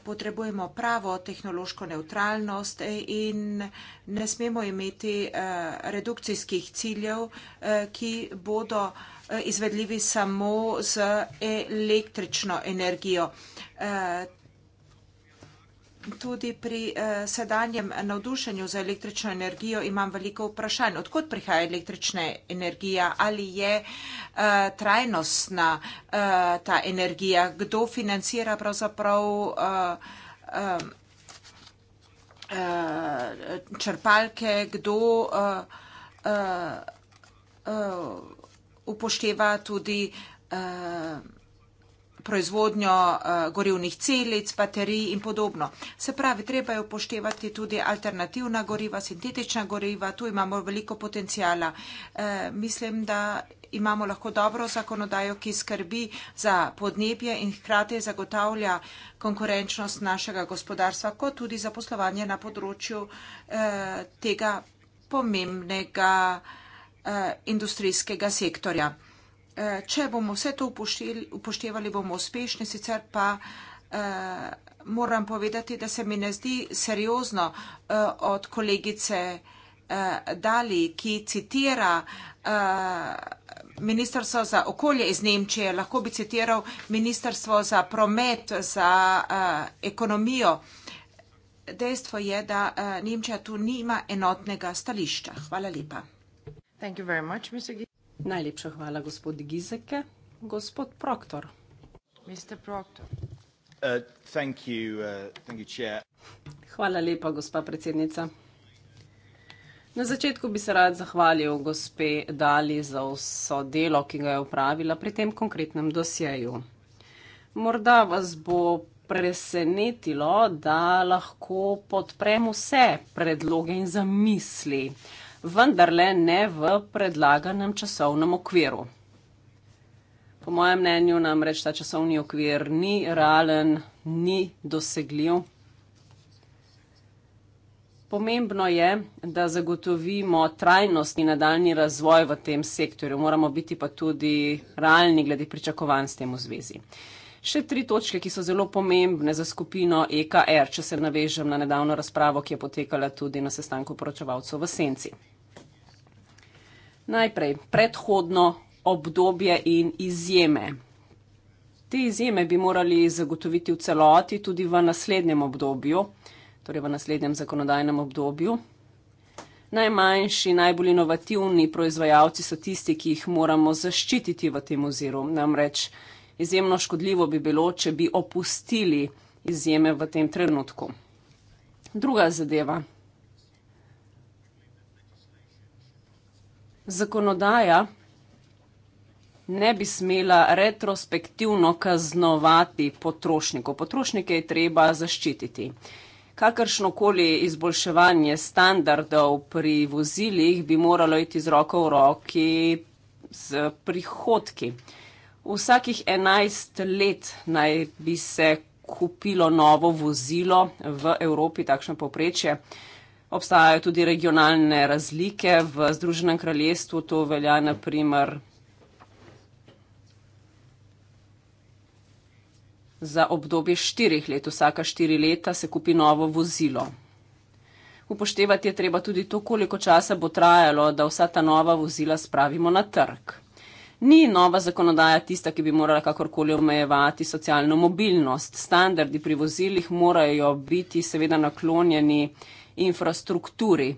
potrebujemo pravo tehnološko neutralnost in ne smemo imeti eh, redukcijskih ciljev, eh, ki bodo eh, izvedljivi samo z električno energijo. Tudi pri eh, sedanjem navdušenju za električno energijo imam veliko vprašanj, odkot prihaja električna energija, ali je eh, trajnostna eh, ta energija, kdo financira pravzaprav eh, eh, eh črpalke, kdo eh, eh, eh, upošteva tudi. Eh, proizvodnjo eh, gorivnih celic, baterij in podobno. Se pravi, treba je upoštevati tudi alternativna goriva, sintetična goriva, tu imamo veliko potencijala. Eh, mislim, da imamo lahko dobro zakonodajo, ki skrbi za podnebje in hkrati zagotavlja konkurenčnost našega gospodarstva, kot tudi zaposlovanje na področju eh, tega pomembnega industrijskega sektorja če bomo vse to upoštevali, bomo uspešni, sicer pa eh, moram povedati, da se mi ne zdi seriozno eh, od kolegice eh, Dali, ki citira Ministrstvo za okolje iz Nemčije, lahko bi citiral Ministrstvo za promet, za ekonomijo. Dejstvo je, da Nemčija tu nima enotnega stališča. Hvala lepa. Thank you very much, Mr. Gidi. Najlepša hvala, gospod Gizeke. Gospod Proktor. Mr. Proktor. Uh, thank you, uh, thank you, hvala lepa, gospa predsednica. Na začetku bi se rad zahvalil gospe Dali za vso delo, ki ga je upravila pri tem konkretnem dosjeju. Morda vas bo presenetilo, da lahko podprem vse predloge in zamisli vendarle ne v predlaganem časovnem okviru. Po mojem mnenju namreč ta časovni okvir ni realen, ni dosegljiv. Pomembno je, da zagotovimo trajnost in nadaljni razvoj v tem sektorju, moramo biti pa tudi realni glede pričakovanj s tem v zvezi. Še tri točke, ki so zelo pomembne za skupino EKR, če se navežem na nedavno razpravo, ki je potekala tudi na sestanku poročevalcev v Senci. Najprej predhodno obdobje in izjeme. Te izjeme bi morali zagotoviti v celoti tudi v naslednjem obdobju, torej v naslednjem zakonodajnem obdobju. Najmanjši, najbolj inovativni proizvajalci so tisti, ki jih moramo zaščititi v tem oziru. Namreč izjemno škodljivo bi bilo, če bi opustili izjeme v tem trenutku. Druga zadeva. zakonodaja ne bi smela retrospektivno kaznovati potrošnikov. Potrošnike je treba zaščititi. Kakršnokoli izboljševanje standardov pri vozilih bi moralo iti z roko v roki z prihodki. Vsakih 11 let naj bi se kupilo novo vozilo v Evropi, takšno poprečje. Uh, Obstajajo tudi regionalne razlike. V Združenem kraljestvu to velja naprimer za obdobje štirih let. Vsaka štiri leta se kupi novo vozilo. Upoštevati je treba tudi to, koliko časa bo trajalo, da vsa ta nova vozila spravimo na trg. Ni nova zakonodaja tista, ki bi morala kakorkoli omejevati socialno mobilnost. Standardi pri vozilih morajo biti seveda naklonjeni infrastrukturi.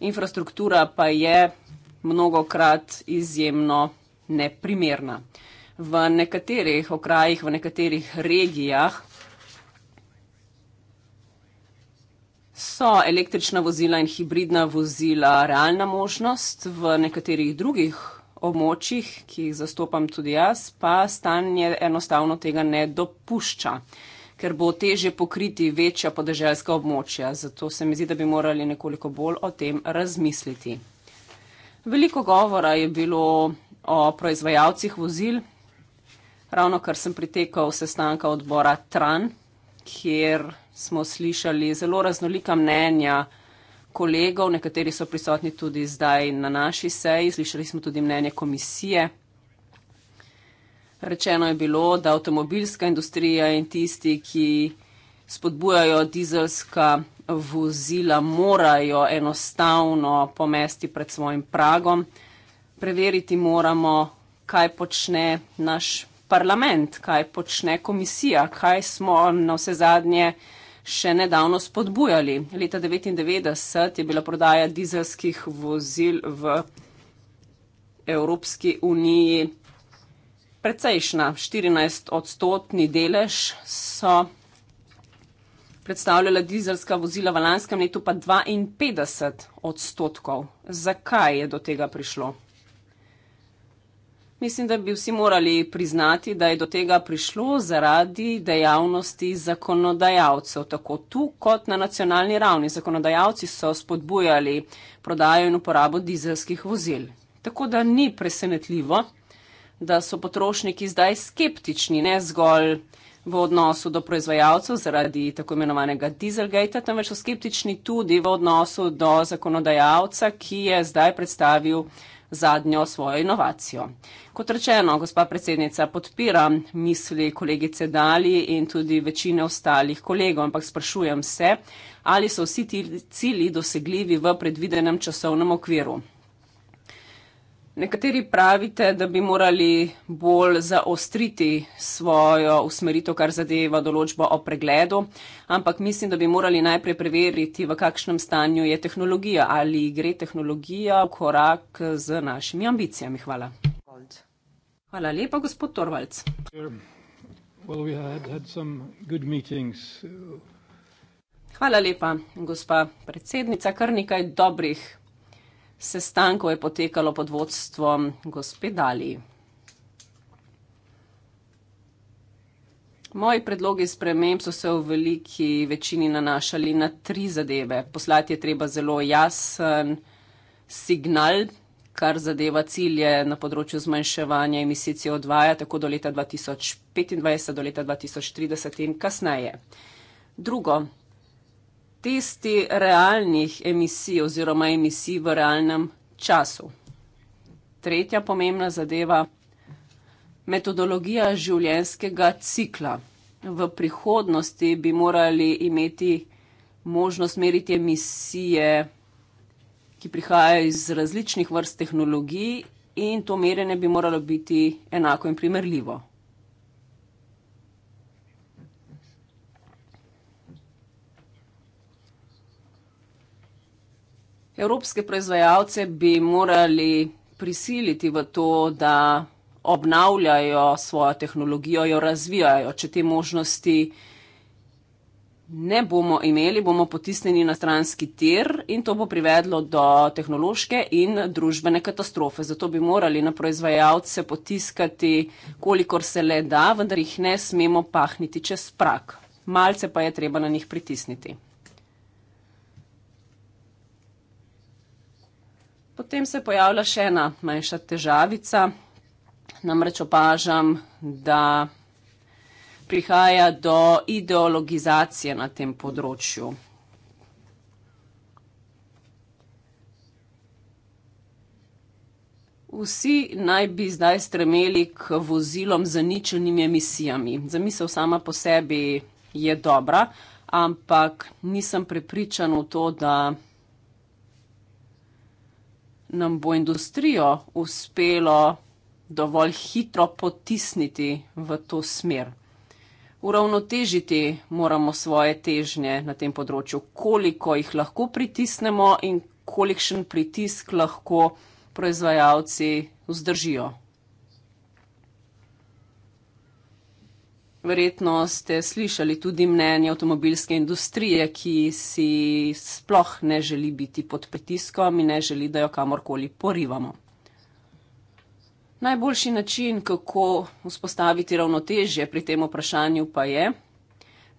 Infrastruktura pa je mnogo krat izjemno neprimerna. V nekaterih okrajih, v nekaterih regijah so električna vozila in hibridna vozila realna možnost, v nekaterih drugih območjih, ki jih zastopam tudi jaz, pa stanje enostavno tega ne dopušča ker bo teže pokriti večja podeželska območja. Zato se mi zdi, da bi morali nekoliko bolj o tem razmisliti. Veliko govora je bilo o proizvajalcih vozil. Ravno kar sem pritekal sestanka odbora Tran, kjer smo slišali zelo raznolika mnenja kolegov, nekateri so prisotni tudi zdaj na naši seji, slišali smo tudi mnenje komisije. Rečeno je bilo, da avtomobilska industrija in tisti, ki spodbujajo dizelska vozila, morajo enostavno pomesti pred svojim pragom. Preveriti moramo, kaj počne naš parlament, kaj počne komisija, kaj smo na vse zadnje še nedavno spodbujali. Leta 1999 je bila prodaja dizelskih vozil v Evropski uniji precejšna. 14 odstotni delež so predstavljala dizelska vozila v lanskem letu, pa 52 odstotkov. Zakaj je do tega prišlo? Mislim, da bi vsi morali priznati, da je do tega prišlo zaradi dejavnosti zakonodajalcev, tako tu kot na nacionalni ravni. Zakonodajalci so spodbujali prodajo in uporabo dizelskih vozil. Tako da ni presenetljivo, da so potrošniki zdaj skeptični, ne zgolj v odnosu do proizvajalcev zaradi tako imenovanega Dieselgate, temveč so skeptični tudi v odnosu do zakonodajalca, ki je zdaj predstavil zadnjo svojo inovacijo. Kot rečeno, gospa predsednica, podpiram misli kolegice Dali in tudi večine ostalih kolegov, ampak sprašujem se, ali so vsi ti cilji dosegljivi v predvidenem časovnem okviru. Nekateri pravite, da bi morali bolj zaostriti svojo usmeritev, kar zadeva določbo o pregledu, ampak mislim, da bi morali najprej preveriti, v kakšnem stanju je tehnologija, ali gre tehnologija v korak z našimi ambicijami. Hvala. Hvala lepa, gospod Torvalc. Well, we had, had Hvala lepa, gospa predsednica, kar nekaj dobrih sestankov je potekalo pod vodstvom gospedali. Moji predlogi sprememb so se v veliki večini nanašali na tri zadeve. Poslati je treba zelo jasen signal, kar zadeva cilje na področju zmanjševanja emisij CO2, tako do leta 2025, do leta 2030 in kasneje. Drugo, testi realnih emisij oziroma emisij v realnem času. Tretja pomembna zadeva je metodologija življenjskega cikla. V prihodnosti bi morali imeti možnost meriti emisije, ki prihajajo iz različnih vrst tehnologij, in to merjenje bi moralo biti enako in primerljivo. evropske proizvajalce bi morali prisiliti v to, da obnavljajo svojo tehnologijo, jo razvijajo. Če te možnosti ne bomo imeli, bomo potisnjeni na stranski tir in to bo privedlo do tehnološke in družbene katastrofe. Zato bi morali na proizvajalce potiskati, kolikor se le da, vendar jih ne smemo pahniti čez prak. Malce pa je treba na njih pritisniti. Potem se pojavlja še ena manjša težavica. Namreč opažam, da prihaja do ideologizacije na tem področju. Vsi naj bi zdaj stremeli k vozilom z ničelnimi emisijami. Zamisel sama po sebi je dobra, ampak nisem prepričan v to, da nam bo industrijo uspelo dovolj hitro potisniti v to smer. Uravnotežiti moramo svoje težnje na tem področju, koliko jih lahko pritisnemo in kolikšen pritisk lahko proizvajalci vzdržijo. Verjetno ste slišali tudi mnenje avtomobilske industrije, ki si sploh ne želi biti pod pritiskom in ne želi, da jo kamorkoli porivamo. Najboljši način, kako vzpostaviti ravnotežje pri tem vprašanju, pa je,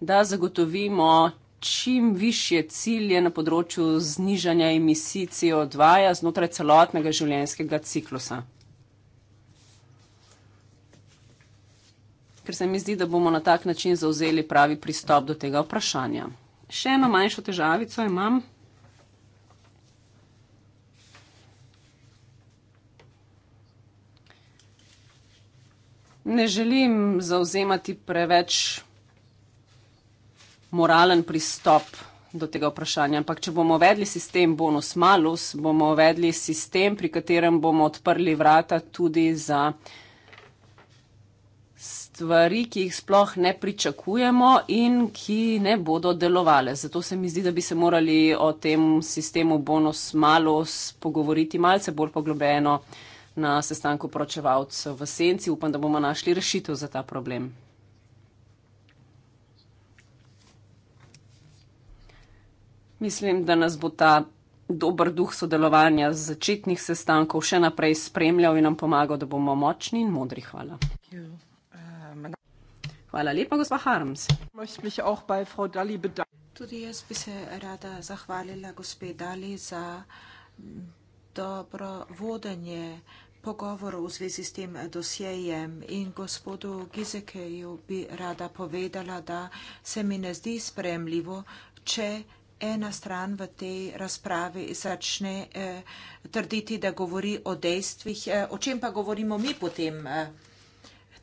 da zagotovimo čim više cilje na področju znižanja emisij CO2 ja znotraj celotnega življenjskega ciklusa. ker se mi zdi, da bomo na tak način zauzeli pravi pristop do tega vprašanja. Še eno manjšo težavico imam. Ne želim zauzemati preveč moralen pristop do tega vprašanja, ampak če bomo uvedli sistem bonus malus, bomo uvedli sistem, pri katerem bomo odprli vrata tudi za stvari, ki jih sploh ne pričakujemo in ki ne bodo delovale. Zato se mi zdi, da bi se morali o tem sistemu bonus malus pogovoriti malce bolj poglobljeno na sestanku pročevalcev v senci. Upam, da bomo našli rešitev za ta problem. Mislim, da nas bo ta dober duh sodelovanja z začetnih sestankov še naprej spremljal in nam pomagal, da bomo močni in modri. Hvala. Thank you. Hvala lepa, gospa Harms. Tudi jaz bi se rada zahvalila gospe Dali za mm, dobro vodenje pogovorov v zvezi s tem eh, dosjejem in gospodu Gizekeju bi rada povedala, da se mi ne zdi spremljivo, če ena stran v tej razpravi začne eh, trditi, da govori o dejstvih, eh, o čem pa govorimo mi potem. Eh,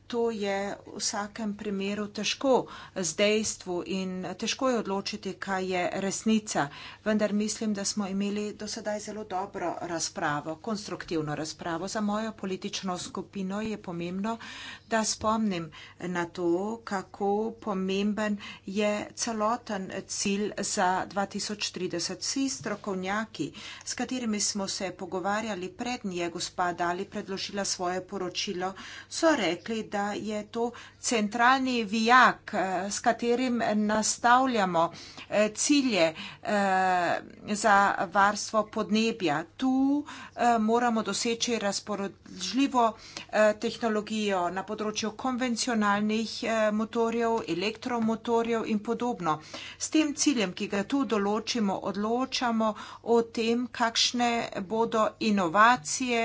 to je v vsakem primeru težko z dejstvu in težko je odločiti, kaj je resnica. Vendar mislim, da smo imeli do sedaj zelo dobro razpravo, konstruktivno razpravo. Za mojo politično skupino je pomembno, da spomnim na to, kako pomemben je celoten cilj za 2030. Vsi strokovnjaki, s katerimi smo se pogovarjali prednje, gospa Dali predložila svoje poročilo, so rekli, da je to centralni vijak, eh, s katerim nastavljamo eh, cilje eh, za varstvo podnebja. Tu moramo doseči razporožljivo tehnologijo na področju konvencionalnih motorjev, elektromotorjev in podobno. S tem ciljem, ki ga tu določimo, odločamo o tem, kakšne bodo inovacije,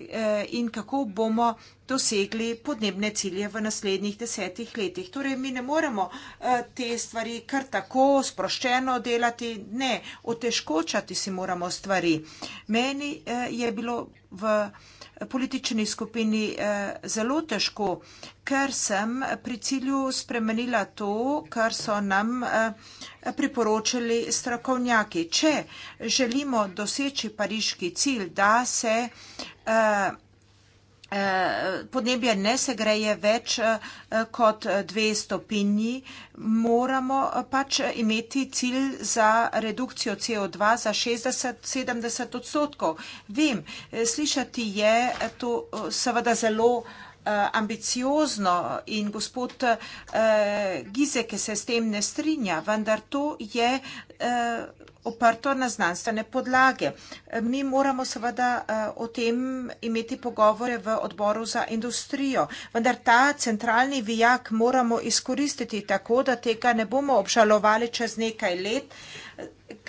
Eh, in kako bomo dosegli podnebne cilje v naslednjih desetih letih. Torej, mi ne moremo eh, te stvari kar tako sproščeno delati, ne, otežkočati si moramo stvari. Meni eh, je bilo v politični skupini eh, zelo težko, ker sem pri cilju spremenila to, kar so nam eh, priporočili strokovnjaki. Če želimo doseči pariški cilj, da se eh, Eh, podnebje ne se greje več eh, kot eh, dve stopinji, moramo pač imeti cilj za redukcijo CO2 za 60-70 odstotkov. Vem, slišati je to seveda zelo Eh, ambiciozno in gospod eh, Gizek se s tem ne strinja, vendar to je eh, oprto na znanstvene podlage. Mi moramo seveda o tem imeti pogovore v odboru za industrijo, vendar ta centralni vijak moramo izkoristiti tako, da tega ne bomo obžalovali čez nekaj let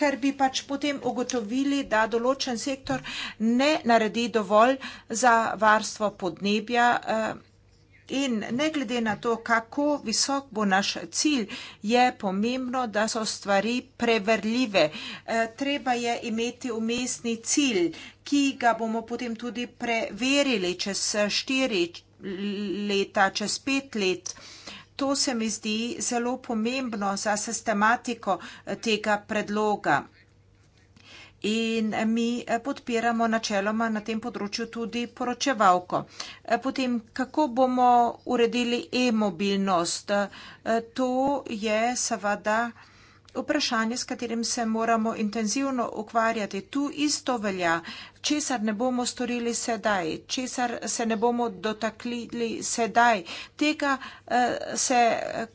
ker bi pač potem ugotovili, da določen sektor ne naredi dovolj za varstvo podnebja. Eh, in ne glede na to, kako visok bo naš cilj, je pomembno, da so stvari preverljive. Eh, treba je imeti umestni cilj, ki ga bomo potem tudi preverili čez štiri leta, čez pet let to se mi zdi zelo pomembno za sistematiko eh, tega predloga. In eh, mi eh, podpiramo načeloma na tem področju tudi poročevalko. Potem, kako bomo uredili e-mobilnost? To je seveda vprašanje, s katerim se moramo intenzivno ukvarjati. Tu isto velja, česar ne bomo storili sedaj, česar se ne bomo dotaknili sedaj, tega eh, se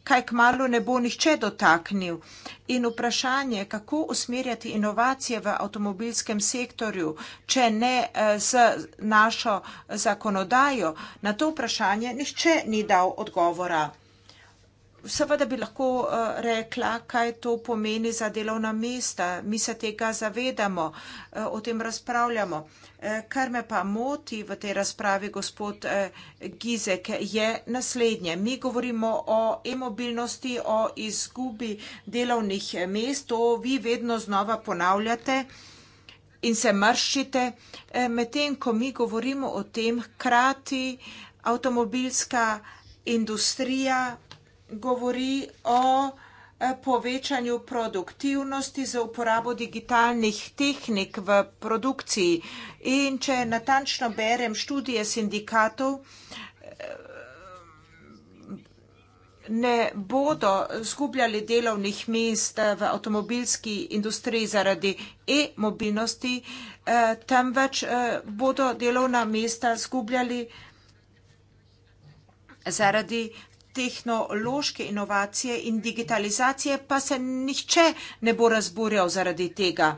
kaj kmalo ne bo nihče dotaknil. In vprašanje, kako usmerjati inovacije v avtomobilskem sektorju, če ne eh, z našo zakonodajo, na to vprašanje nihče ni dal odgovora. Seveda bi lahko eh, rekla, kaj to pomeni za delovna mesta. Mi se tega zavedamo, eh, o tem razpravljamo. Eh, kar me pa moti v tej razpravi, gospod Gizek, je naslednje. Mi govorimo o e-mobilnosti, o izgubi delovnih mest, to vi vedno znova ponavljate in se mršite. Medtem, ko mi govorimo o tem, hkrati avtomobilska industrija govori o e, povečanju produktivnosti za uporabo digitalnih tehnik v produkciji. In če natančno berem študije sindikatov, e, ne bodo zgubljali delovnih mest v avtomobilski industriji zaradi e-mobilnosti, e, temveč bodo delovna mesta zgubljali zaradi tehnološke inovacije in digitalizacije, pa se nihče ne bo razburjal zaradi tega.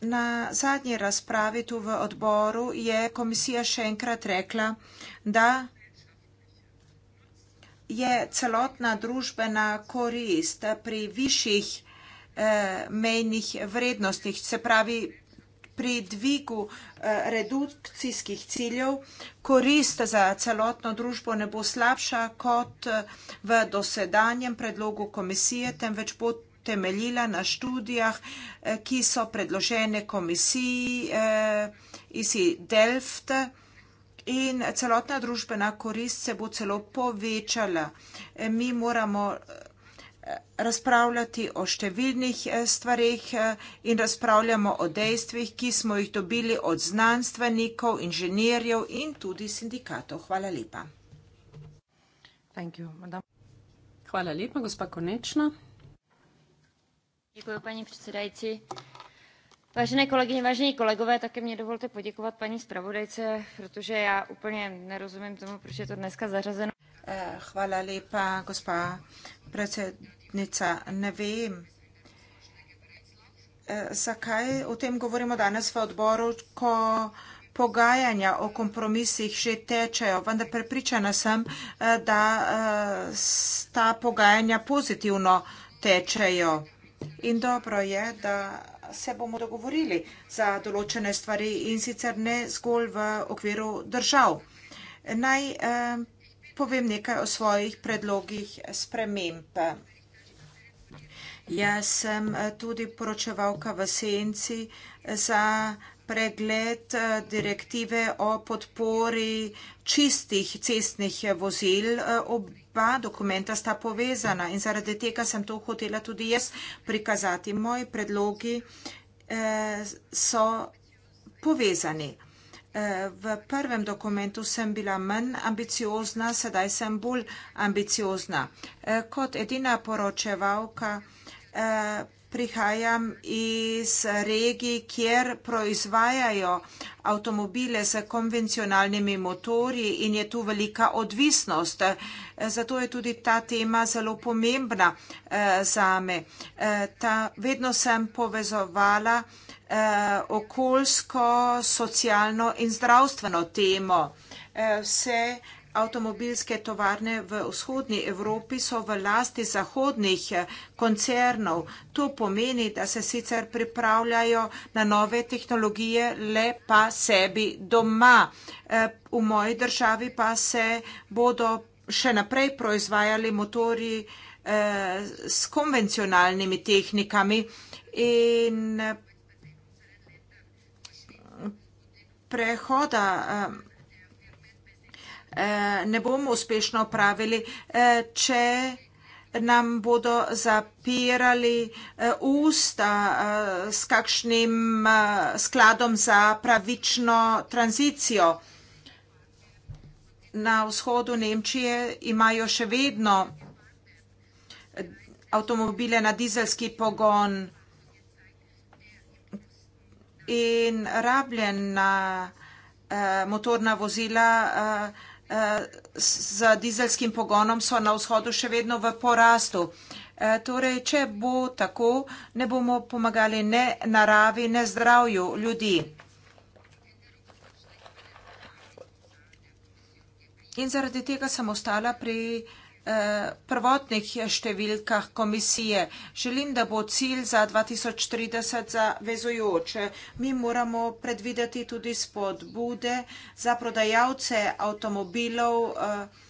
Na zadnji razpravi tu v odboru je komisija še enkrat rekla, da je celotna družbena korist pri višjih eh, mejnih vrednostih, se pravi pri dvigu eh, redukcijskih ciljev korist za celotno družbo ne bo slabša kot eh, v dosedanjem predlogu komisije, temveč bo temeljila na študijah, eh, ki so predložene komisiji iz Delft in celotna družbena korist se bo celo povečala. Mi moramo razpravljati o številnih eh, stvarih eh, in razpravljamo o dejstvih, ki smo jih dobili od znanstvenikov, inženirjev in tudi sindikatov. Hvala lepa. Hvala lepa, gospa Konečna. Děkuji, paní předsedající. Vážené kolegyně, vážení kolegové, také mě dovolte poděkovat paní zpravodajce, protože já úplně nerozumím tomu, proč je to dneska zařazeno. Eh, hvala lepa, gospa predsednica. Ne vem, eh, zakaj o tem govorimo danes v odboru, ko pogajanja o kompromisih že tečejo, vendar prepričana sem, eh, da ta pogajanja pozitivno tečejo. In dobro je, da se bomo dogovorili za določene stvari in sicer ne zgolj v okviru držav. Naj povem nekaj o svojih predlogih sprememb. Jaz sem eh, tudi poročevalka v Senci za pregled eh, direktive o podpori čistih cestnih eh, vozil. Oba dokumenta sta povezana in zaradi tega sem to hotela tudi jaz prikazati. Moji predlogi so povezani. Eh, v prvem dokumentu sem bila manj ambiciozna, sedaj sem bolj ambiciozna. Eh, kot edina poročevalka eh, prihajam iz regij, kjer proizvajajo avtomobile z konvencionalnimi motorji in je tu velika odvisnost. Zato je tudi ta tema zelo pomembna zame. Vedno sem povezovala eh, okoljsko, socialno in zdravstveno temo. Eh, vse avtomobilske tovarne v vzhodni Evropi so v lasti zahodnih eh, koncernov. To pomeni, da se sicer pripravljajo na nove tehnologije, le pa sebi doma. Eh, v moji državi pa se bodo še naprej proizvajali motori eh, s konvencionalnimi tehnikami in prehoda eh, eh, ne bomo uspešno opravili, eh, če nam bodo zapirali usta s kakšnim skladom za pravično tranzicijo. Na vzhodu Nemčije imajo še vedno avtomobile na dizelski pogon vsega in rabljena eh, motorna vozila eh, eh, z dizelskim pogonom so na vzhodu še vedno v porastu. Eh, torej, če bo tako, ne bomo pomagali ne naravi, ne zdravju ljudi. In zaradi tega sem ostala pri eh, Eh, prvotnih številkah komisije. Želim, da bo cilj za 2030 zavezujoče. Mi moramo predvideti tudi spodbude za prodajalce avtomobilov, eh,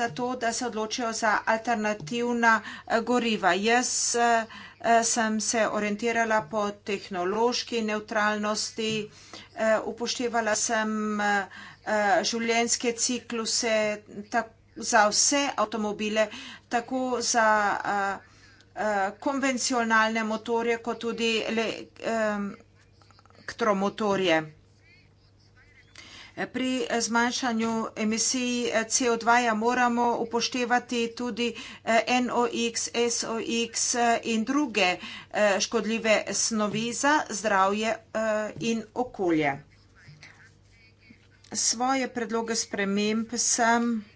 za to, da se odločijo za alternativna eh, goriva. Jaz sem se orientirala po tehnološki neutralnosti, upoštevala sem življenjske cikluse tako, za vse avtomobile, tako za konvencionalne motorje, kot tudi elektromotorje. Pri zmanjšanju emisij eh, CO2 ja moramo upoštevati tudi eh, NOx, SOx eh, in druge škodljive snovi za zdravje in okolje. Svoje predloge sprememb sem vsega.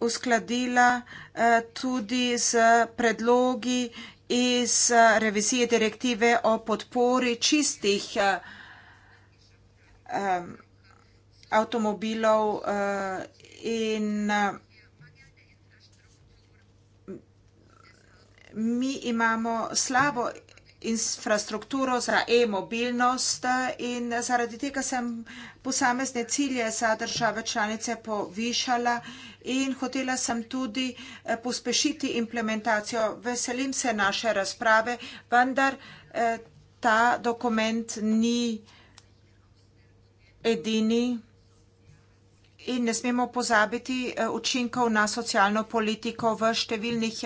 uskladila eh, tudi z predlogi iz eh, revizije direktive o podpori čistih eh, avtomobilov in mi imamo slabo infrastrukturo za e-mobilnost in zaradi tega sem posamezne cilje za države članice povišala in in hotela sem tudi eh, pospešiti implementacijo. Veselim se naše razprave, vendar eh, ta dokument ni edini in ne smemo pozabiti eh, učinkov na socialno politiko v številnih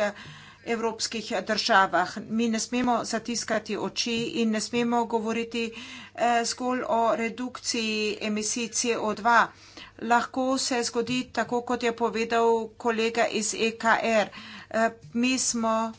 evropskih državah. Mi ne smemo zatiskati oči in ne smemo govoriti zgolj o redukciji emisij CO2 lahko se zgodi tako, kot je povedal kolega iz EKR. Eh, mi smo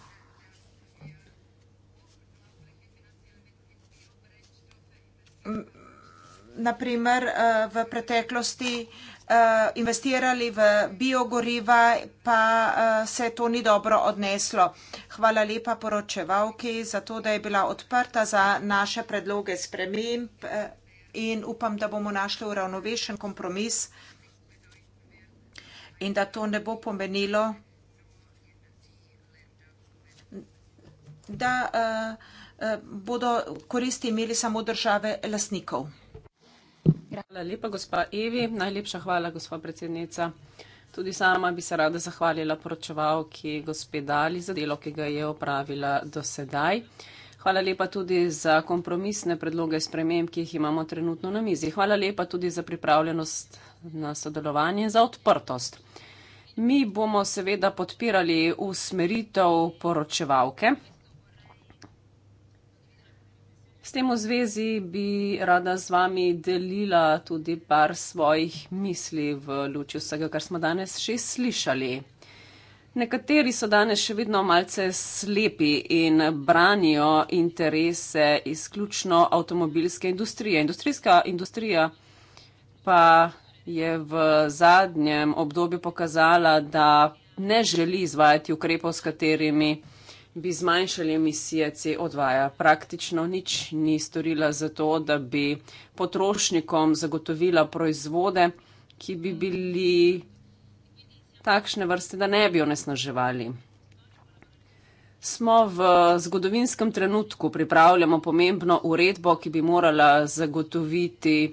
naprimer eh, v preteklosti eh, investirali v biogoriva, pa se to ni dobro odneslo. Hvala lepa poročevalki za to, da je bila odprta za naše predloge spremembe in upam, da bomo našli uravnovešen kompromis in da to ne bo pomenilo, da eh, eh, bodo koristi imeli samo države lasnikov. Hvala lepa, gospa Evi. Najlepša hvala, gospa predsednica. Tudi sama bi se rada zahvalila poročevalki gospe Dali za delo, ki ga je opravila do sedaj. Hvala lepa tudi za kompromisne predloge sprememb, ki jih imamo trenutno na mizi. Hvala lepa tudi za pripravljenost na sodelovanje in za odprtost. Mi bomo seveda podpirali usmeritev poročevalke. S tem v zvezi bi rada z vami delila tudi par svojih misli v luči vsega, kar smo danes še slišali. Nekateri so danes še vedno malce slepi in branijo interese izključno avtomobilske industrije. Industrijska industrija pa je v zadnjem obdobju pokazala, da ne želi izvajati ukrepov, s katerimi bi zmanjšali emisije CO2. Praktično nič ni storila za to, da bi potrošnikom zagotovila proizvode, ki bi bili takšne vrste, da ne bi onesnaževali. Smo v zgodovinskem trenutku, pripravljamo pomembno uredbo, ki bi morala zagotoviti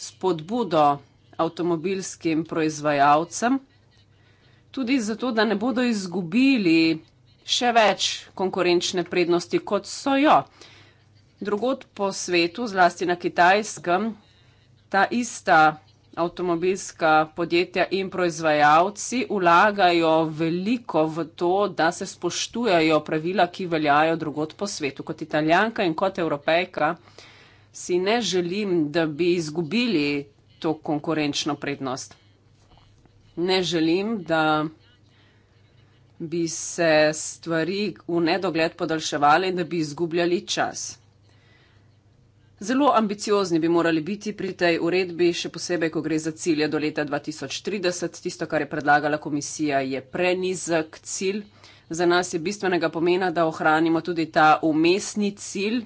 spodbudo avtomobilskim proizvajalcem, tudi zato, da ne bodo izgubili še več konkurenčne prednosti, kot so jo. Drugod po svetu, zlasti na kitajskem, ta ista avtomobilska podjetja in proizvajalci vlagajo veliko v to, da se spoštujajo pravila, ki veljajo drugot po svetu. Kot italijanka in kot evropejka si ne želim, da bi izgubili to konkurenčno prednost. Ne želim, da bi se stvari v nedogled podaljševali in da bi izgubljali čas. Zelo ambiciozni bi morali biti pri tej uredbi, še posebej, ko gre za cilje do leta 2030. Tisto, kar je predlagala komisija, je prenizek cilj. Za nas je bistvenega pomena, da ohranimo tudi ta umestni cilj,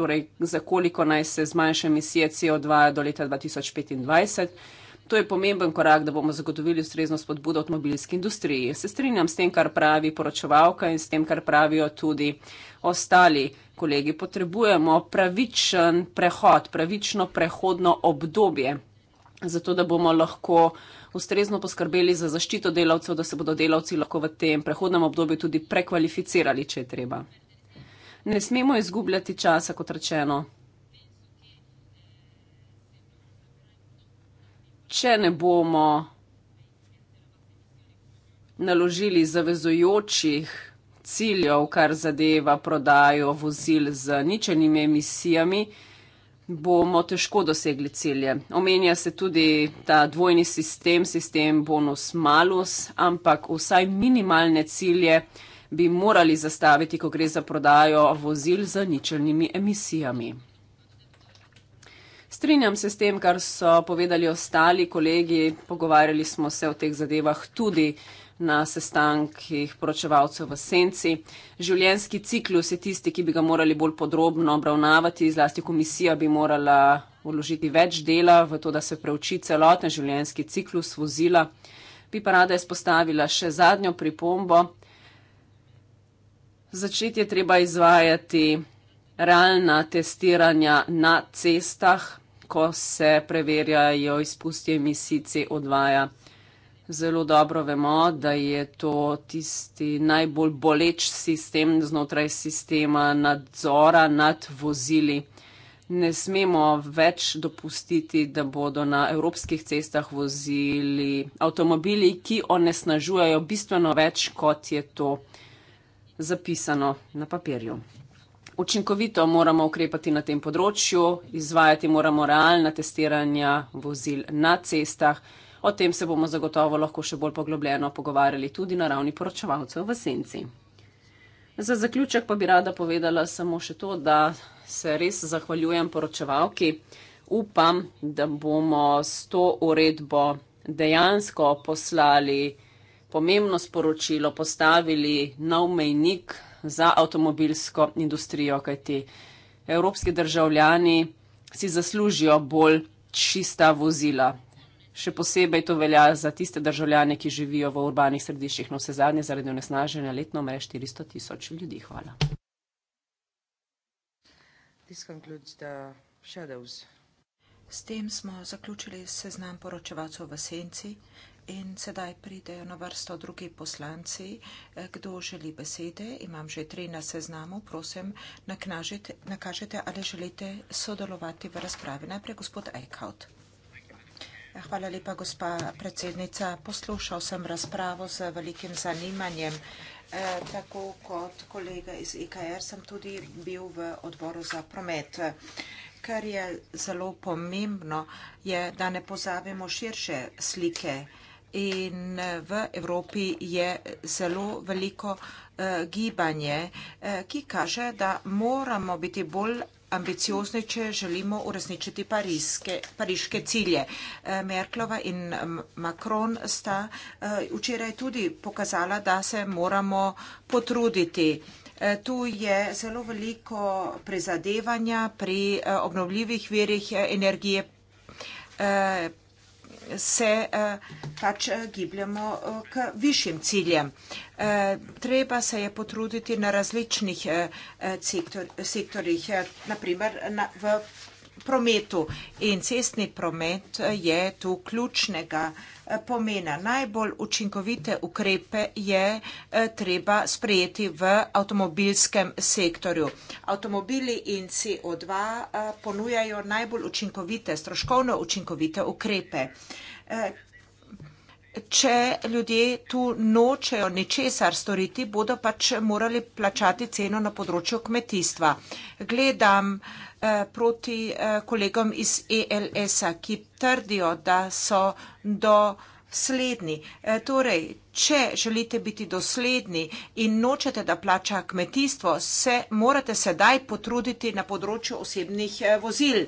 torej za koliko naj se zmanjša emisije CO2 do leta 2025. To je pomemben korak, da bomo zagotovili ustrezno spodbudo avtomobilski industriji. Se strinjam s tem, kar pravi poročevalka in s tem, kar pravijo tudi ostali kolegi, potrebujemo pravičen prehod, pravično prehodno obdobje, zato da bomo lahko ustrezno poskrbeli za zaščito delavcev, da se bodo delavci lahko v tem prehodnem obdobju tudi prekvalificirali, če je treba. Ne smemo izgubljati časa, kot rečeno. Če ne bomo naložili zavezojočih ciljev, kar zadeva prodajo vozil z ničenimi emisijami, bomo težko dosegli cilje. Omenja se tudi ta dvojni sistem, sistem bonus malus, ampak vsaj minimalne cilje bi morali zastaviti, ko gre za prodajo vozil z ničenimi emisijami. Strinjam se s tem, kar so povedali ostali kolegi, pogovarjali smo se o teh zadevah tudi na sestankih poročevalcev v senci. Življenjski ciklus je tisti, ki bi ga morali bolj podrobno obravnavati, zlasti komisija bi morala vložiti več dela v to, da se preuči celoten življenjski ciklus vozila. Bi pa rada izpostavila še zadnjo pripombo. Začeti je treba izvajati realna testiranja na cestah, ko se preverjajo izpusti emisij CO2. -ja zelo dobro vemo, da je to tisti najbolj boleč sistem znotraj sistema nadzora nad vozili. Ne smemo več dopustiti, da bodo na evropskih cestah vozili avtomobili, ki onesnažujejo bistveno več, kot je to zapisano na papirju. Učinkovito moramo ukrepati na tem področju, izvajati moramo realna testiranja vozil na cestah. O tem se bomo zagotovo lahko še bolj poglobljeno pogovarjali tudi na ravni poročevalcev v senci. Za zaključek pa bi rada povedala samo še to, da se res zahvaljujem poročevalki. Upam, da bomo s to uredbo dejansko poslali pomembno sporočilo, postavili nov mejnik za avtomobilsko industrijo, kajti evropski državljani si zaslužijo bolj čista vozila. Še posebej to velja za tiste državljane, ki živijo v urbanih središčih, no vse zadnje zaradi onesnaženja letno mreže 400 tisoč ljudi. Hvala. S tem smo zaključili seznam poročevalcev v senci in sedaj pridejo na vrsto drugi poslanci. Eh, kdo želi besede, imam že tri na seznamu, prosim, nakažite, ali želite sodelovati v razpravi. Najprej gospod Eichhout. Hvala lepa, gospa predsednica. Poslušal sem razpravo z velikim zanimanjem. E, tako kot kolega iz IKR e sem tudi bil v odboru za promet. Kar je zelo pomembno, je, da ne pozabimo širše slike. In v Evropi je zelo veliko e, gibanje, e, ki kaže, da moramo biti bolj ambiciozni, če želimo uresničiti parijske, pariške cilje. Eh, Merklova in mm, Macron sta eh, včeraj tudi pokazala, da se moramo potruditi. Eh, tu je zelo veliko prizadevanja pri obnovljivih virih energije se eh, pač eh, gibljamo eh, k višjim ciljem. Treba se je potruditi na različnih sektorjih, naprimer v prometu. In cestni promet je tu ključnega pomena pomena. Najbolj učinkovite ukrepe je eh, treba sprejeti v avtomobilskem sektorju. Avtomobili in CO2 eh, ponujajo najbolj učinkovite, stroškovno učinkovite ukrepe. Eh, če ljudje tu nočejo ničesar storiti, bodo pač morali plačati ceno na področju kmetijstva. Gledam, Eh, proti eh, kolegom iz ELS-a, ki trdijo, da so dosledni. Eh, torej, če želite biti dosledni in nočete, da plača kmetijstvo, se morate sedaj potruditi na področju osebnih vozil.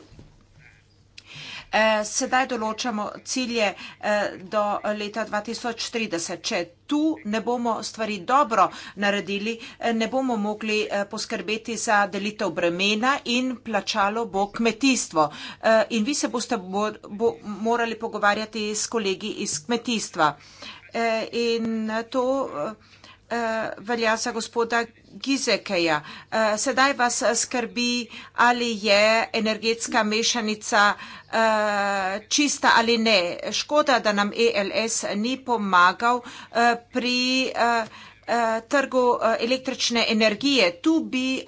Eh, sedaj določamo cilje eh, do leta 2030. Če tu ne bomo stvari dobro naredili, eh, ne bomo mogli poskrbeti za delitev bremena in plačalo bo kmetijstvo. In vi se boste bo, bo morali pogovarjati s kolegi iz kmetijstva. In to uh, velja za gospoda Gizekeja. Uh, sedaj vas eh, skrbi, ali je energetska mešanica uh, čista ali ne. Škoda, da nam ELS ni pomagal uh, pri. Uh, Eh, trgu eh, električne energije. Tu bi eh,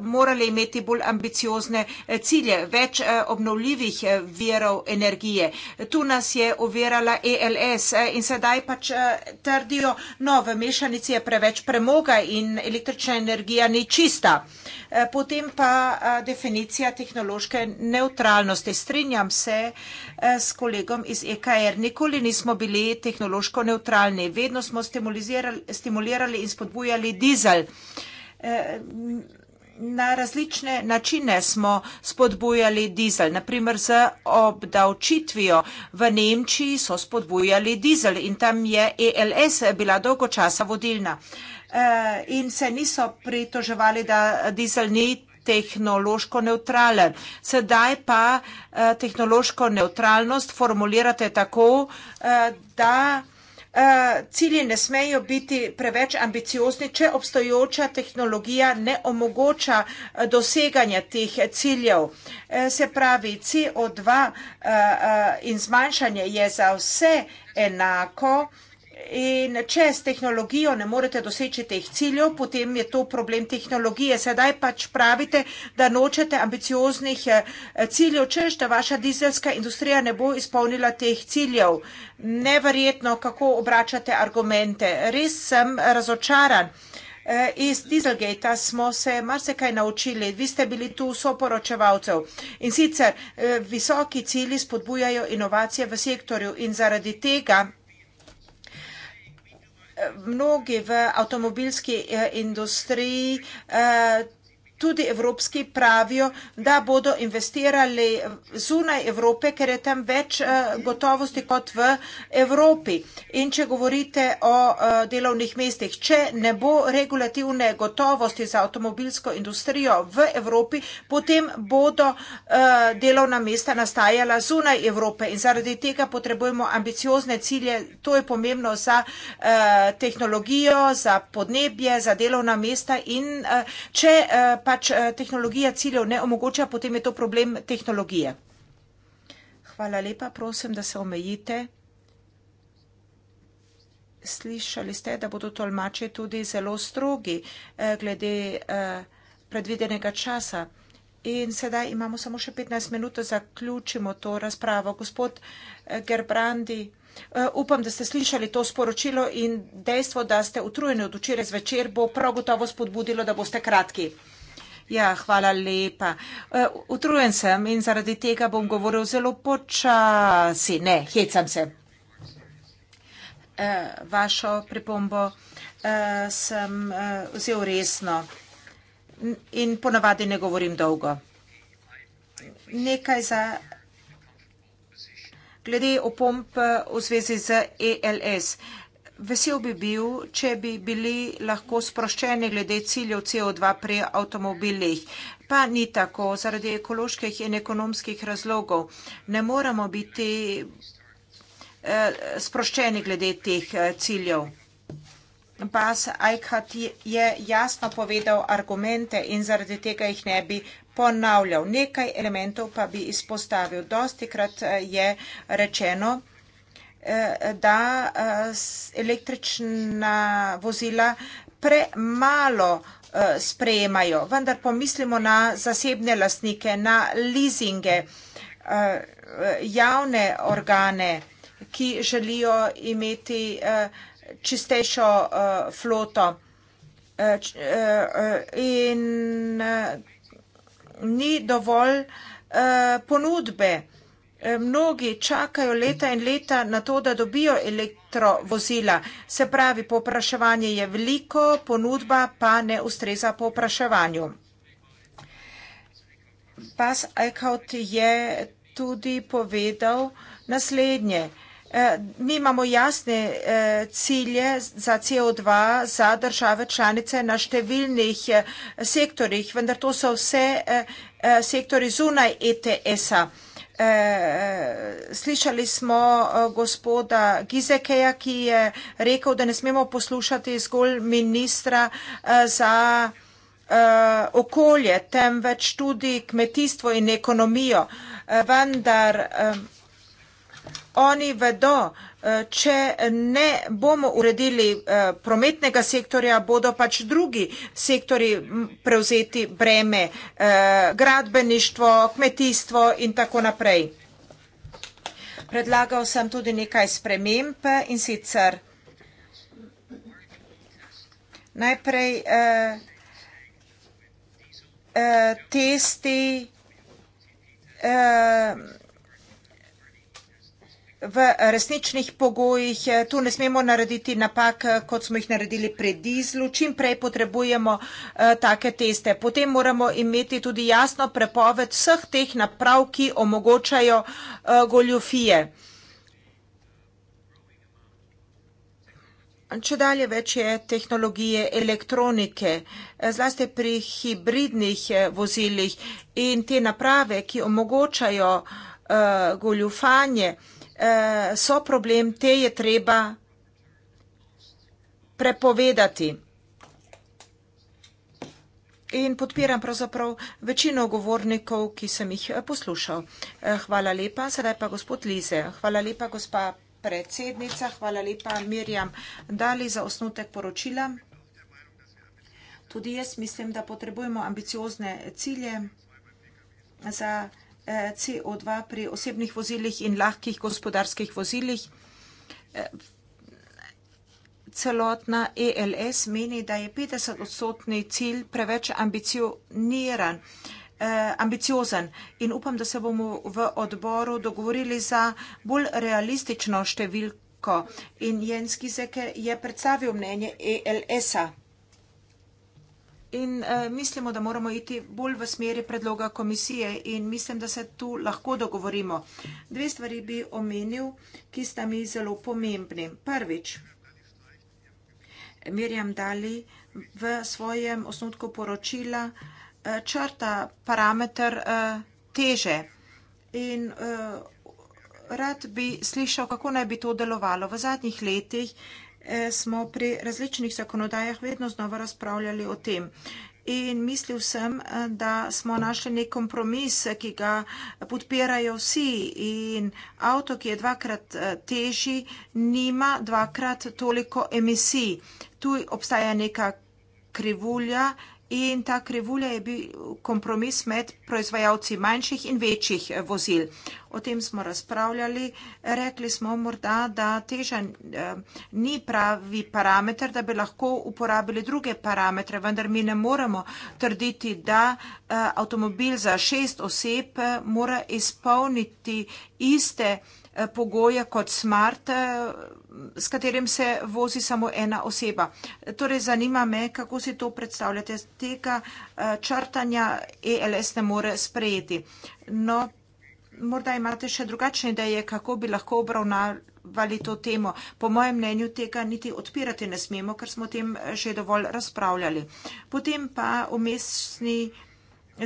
morali imeti bolj ambiciozne cilje, več obnovljivih verov energije. Tu nas je ovirala ELS in sedaj pač trdijo, no, v mešanici je preveč premoga in električna energija ni čista. Potem pa definicija tehnološke neutralnosti. Strinjam se s kolegom iz EKR. Nikoli nismo bili tehnološko neutralni. Vedno smo stimulirali, stimulirali podpirali in spodbujali dizel. Eh, na različne načine smo spodbujali dizel, naprimer z obdavčitvijo. V Nemčiji so spodbujali dizel in tam je ELS bila dolgo časa vodilna. Eh, in se niso pritoževali, da dizel ni tehnološko neutralen. Sedaj pa eh, tehnološko neutralnost formulirate tako, da cilji ne smejo biti preveč ambiciozni, če obstojoča tehnologija ne omogoča eh, doseganja teh ciljev. Eh, se pravi, CO2 eh, in zmanjšanje je za vse enako, In če s tehnologijo ne morete doseči teh ciljev, potem je to problem tehnologije. Sedaj pač pravite, da nočete ambicioznih eh, ciljev, češ, da vaša dizelska industrija ne bo izpolnila teh ciljev. Neverjetno, kako obračate argumente. Res sem razočaran. Eh, iz Dieselgate-a smo se marsikaj naučili. Vi ste bili tu soporočevalcev. In sicer eh, visoki cilji spodbujajo inovacije v sektorju in zaradi tega mnogi v avtomobilski eh, industriji eh, tudi evropski pravijo, da bodo investirali zunaj Evrope, ker je tam več eh, gotovosti kot v Evropi. In če govorite o eh, delovnih mestih, če ne bo regulativne gotovosti za avtomobilsko industrijo v Evropi, potem bodo eh, delovna mesta nastajala zunaj Evrope. In zaradi tega potrebujemo ambiciozne cilje. To je pomembno za tehnologijo, za podnebje, za delovna mesta. In če pač eh, tehnologija ciljev ne omogoča, potem je to problem tehnologije. Hvala lepa, prosim, da se omejite. Slišali ste, da bodo tolmači tudi zelo strogi eh, glede eh, predvidenega časa. In sedaj imamo samo še 15 minut, da zaključimo to razpravo. Gospod Gerbrandi, upam, da ste slišali to sporočilo in dejstvo, da ste utrujeni od včeraj zvečer, bo prav gotovo spodbudilo, da boste kratki. Ja, hvala lepa. E, utrujen sem in zaradi tega bom govoril zelo počasi. Ne, hecam se. E, vašo pripombo e, sem vzel resno in ponavadi ne govorim dolgo. Nekaj za glede opomp v zvezi z ELS. ELS. Vesel bi bil, če bi bili lahko sproščeni glede ciljev CO2 pri avtomobilih. Pa ni tako, zaradi ekoloških in ekonomskih razlogov. Ne moramo biti eh, sproščeni glede teh eh, ciljev. Bas Aikhat je jasno povedal argumente in zaradi tega jih ne bi ponavljal. Nekaj elementov pa bi izpostavil. Dostikrat eh, je rečeno, Eh, da eh, električna vozila premalo eh, sprejemajo. Vendar pomislimo na zasebne lastnike, na leasinge, javne organe, ki želijo imeti čistejšo floto. In ni dovolj ponudbe. Eh, mnogi čakajo leta in leta na to, da dobijo elektrovozila. Se pravi, popraševanje je veliko, ponudba pa ne ustreza popraševanju. Pas Eichhout je tudi povedal naslednje. Eh, mi imamo jasne eh, cilje za CO2 za države članice na številnih sektorjih, vendar to so vse sektori zunaj ETS-a. Eh, eh, slišali smo eh, gospoda Gizekeja, ki je rekel, da ne smemo poslušati zgolj ministra za okolje, temveč tudi kmetijstvo in ekonomijo. Vendar oni vedo, če ne bomo uredili eh, prometnega sektorja, bodo pač drugi sektori prevzeti breme, eh, gradbeništvo, kmetijstvo in tako naprej. Predlagal sem tudi nekaj sprememb in sicer najprej eh, testi v resničnih pogojih. Eh, tu ne smemo narediti napak, eh, kot smo jih naredili pri dizlu. Čim prej potrebujemo eh, take teste. Potem moramo imeti tudi jasno prepoved vseh teh naprav, ki omogočajo goljofije. Če dalje več je tehnologije elektronike, zlasti pri hibridnih vozilih in te naprave, ki omogočajo uh, goljufanje, uh, Eh, so problem, te je treba prepovedati. In podpiram pravzaprav večino govornikov, ki sem jih eh, poslušal. Eh, hvala lepa. Sedaj pa gospod Lize. Hvala lepa, gospa predsednica. Hvala lepa, Mirjam Dali, za osnutek poročila. Tudi jaz mislim, da potrebujemo ambiciozne cilje za. CO2 pri osebnih vozilih in lahkih gospodarskih vozilih. Celotna ELS meni, da je 50-odstotni cilj preveč ambicioniran, eh, ambiciozen in upam, da se bomo v odboru dogovorili za bolj realistično številko. In Jens Gizeke je predstavil mnenje ELS-a in uh, mislimo, da moramo iti bolj v smeri predloga komisije in mislim, da se tu lahko dogovorimo. Dve stvari bi omenil, ki sta mi zelo pomembni. Prvič, Mirjam Dali v svojem osnutku poročila uh, črta parameter uh, teže in uh, rad bi slišal, kako naj bi to delovalo v zadnjih letih. Uh, smo pri različnih zakonodajah vedno znova razpravljali o tem. In mislil sem, da smo našli nek kompromis, ki ga podpirajo vsi. In avto, ki je dvakrat eh, težji, nima dvakrat toliko emisij. Tu obstaja neka krivulja in ta krivulja je bil kompromis med proizvajalci manjših in večjih eh, vozil. O tem smo razpravljali, rekli smo morda, da teža eh, ni pravi parameter, da bi lahko uporabili druge parametre, vendar mi ne moremo trditi, da eh, avtomobil za šest oseb mora izpolniti iste parametre, pogoje kot smart, eh, s katerim se vozi samo ena oseba. Torej, zanima me, kako si to predstavljate. Tega eh, črtanja ELS ne more sprejeti. No, morda imate še drugačne ideje, kako bi lahko obravnavali to temo. Po mojem mnenju tega niti odpirati ne smemo, ker smo o tem eh, že dovolj razpravljali. Potem pa umestni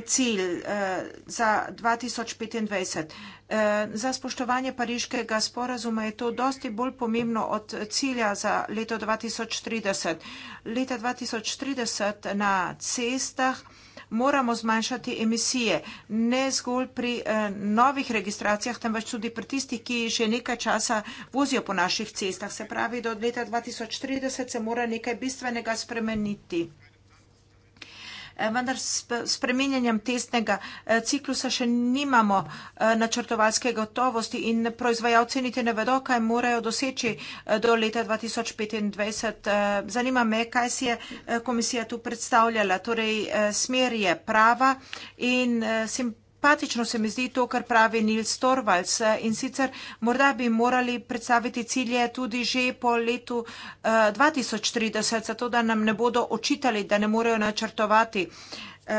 cilj eh, za 2025. Eh, za spoštovanje pariškega sporazuma je to dosti bolj pomembno od cilja za leto 2030. Leta 2030 na cestah moramo zmanjšati emisije, ne zgolj pri eh, novih registracijah, temveč tudi pri tistih, ki že nekaj časa vozijo po naših cestah. Se pravi, do leta 2030 se mora nekaj bistvenega spremeniti. Eh, vendar s spreminjanjem testnega eh, ciklusa še nimamo eh, načrtovalske gotovosti in proizvajalci niti ne vedo, kaj morajo doseči do leta 2025. Zanima me, kaj si je komisija tu predstavljala. Torej, smer je prava in simpatična. Simpatično se mi zdi to, kar pravi Nils Torvalds eh, in sicer morda bi morali predstaviti cilje tudi že po letu uh, eh, 2030, zato da nam ne bodo očitali, da ne morejo načrtovati. Uh,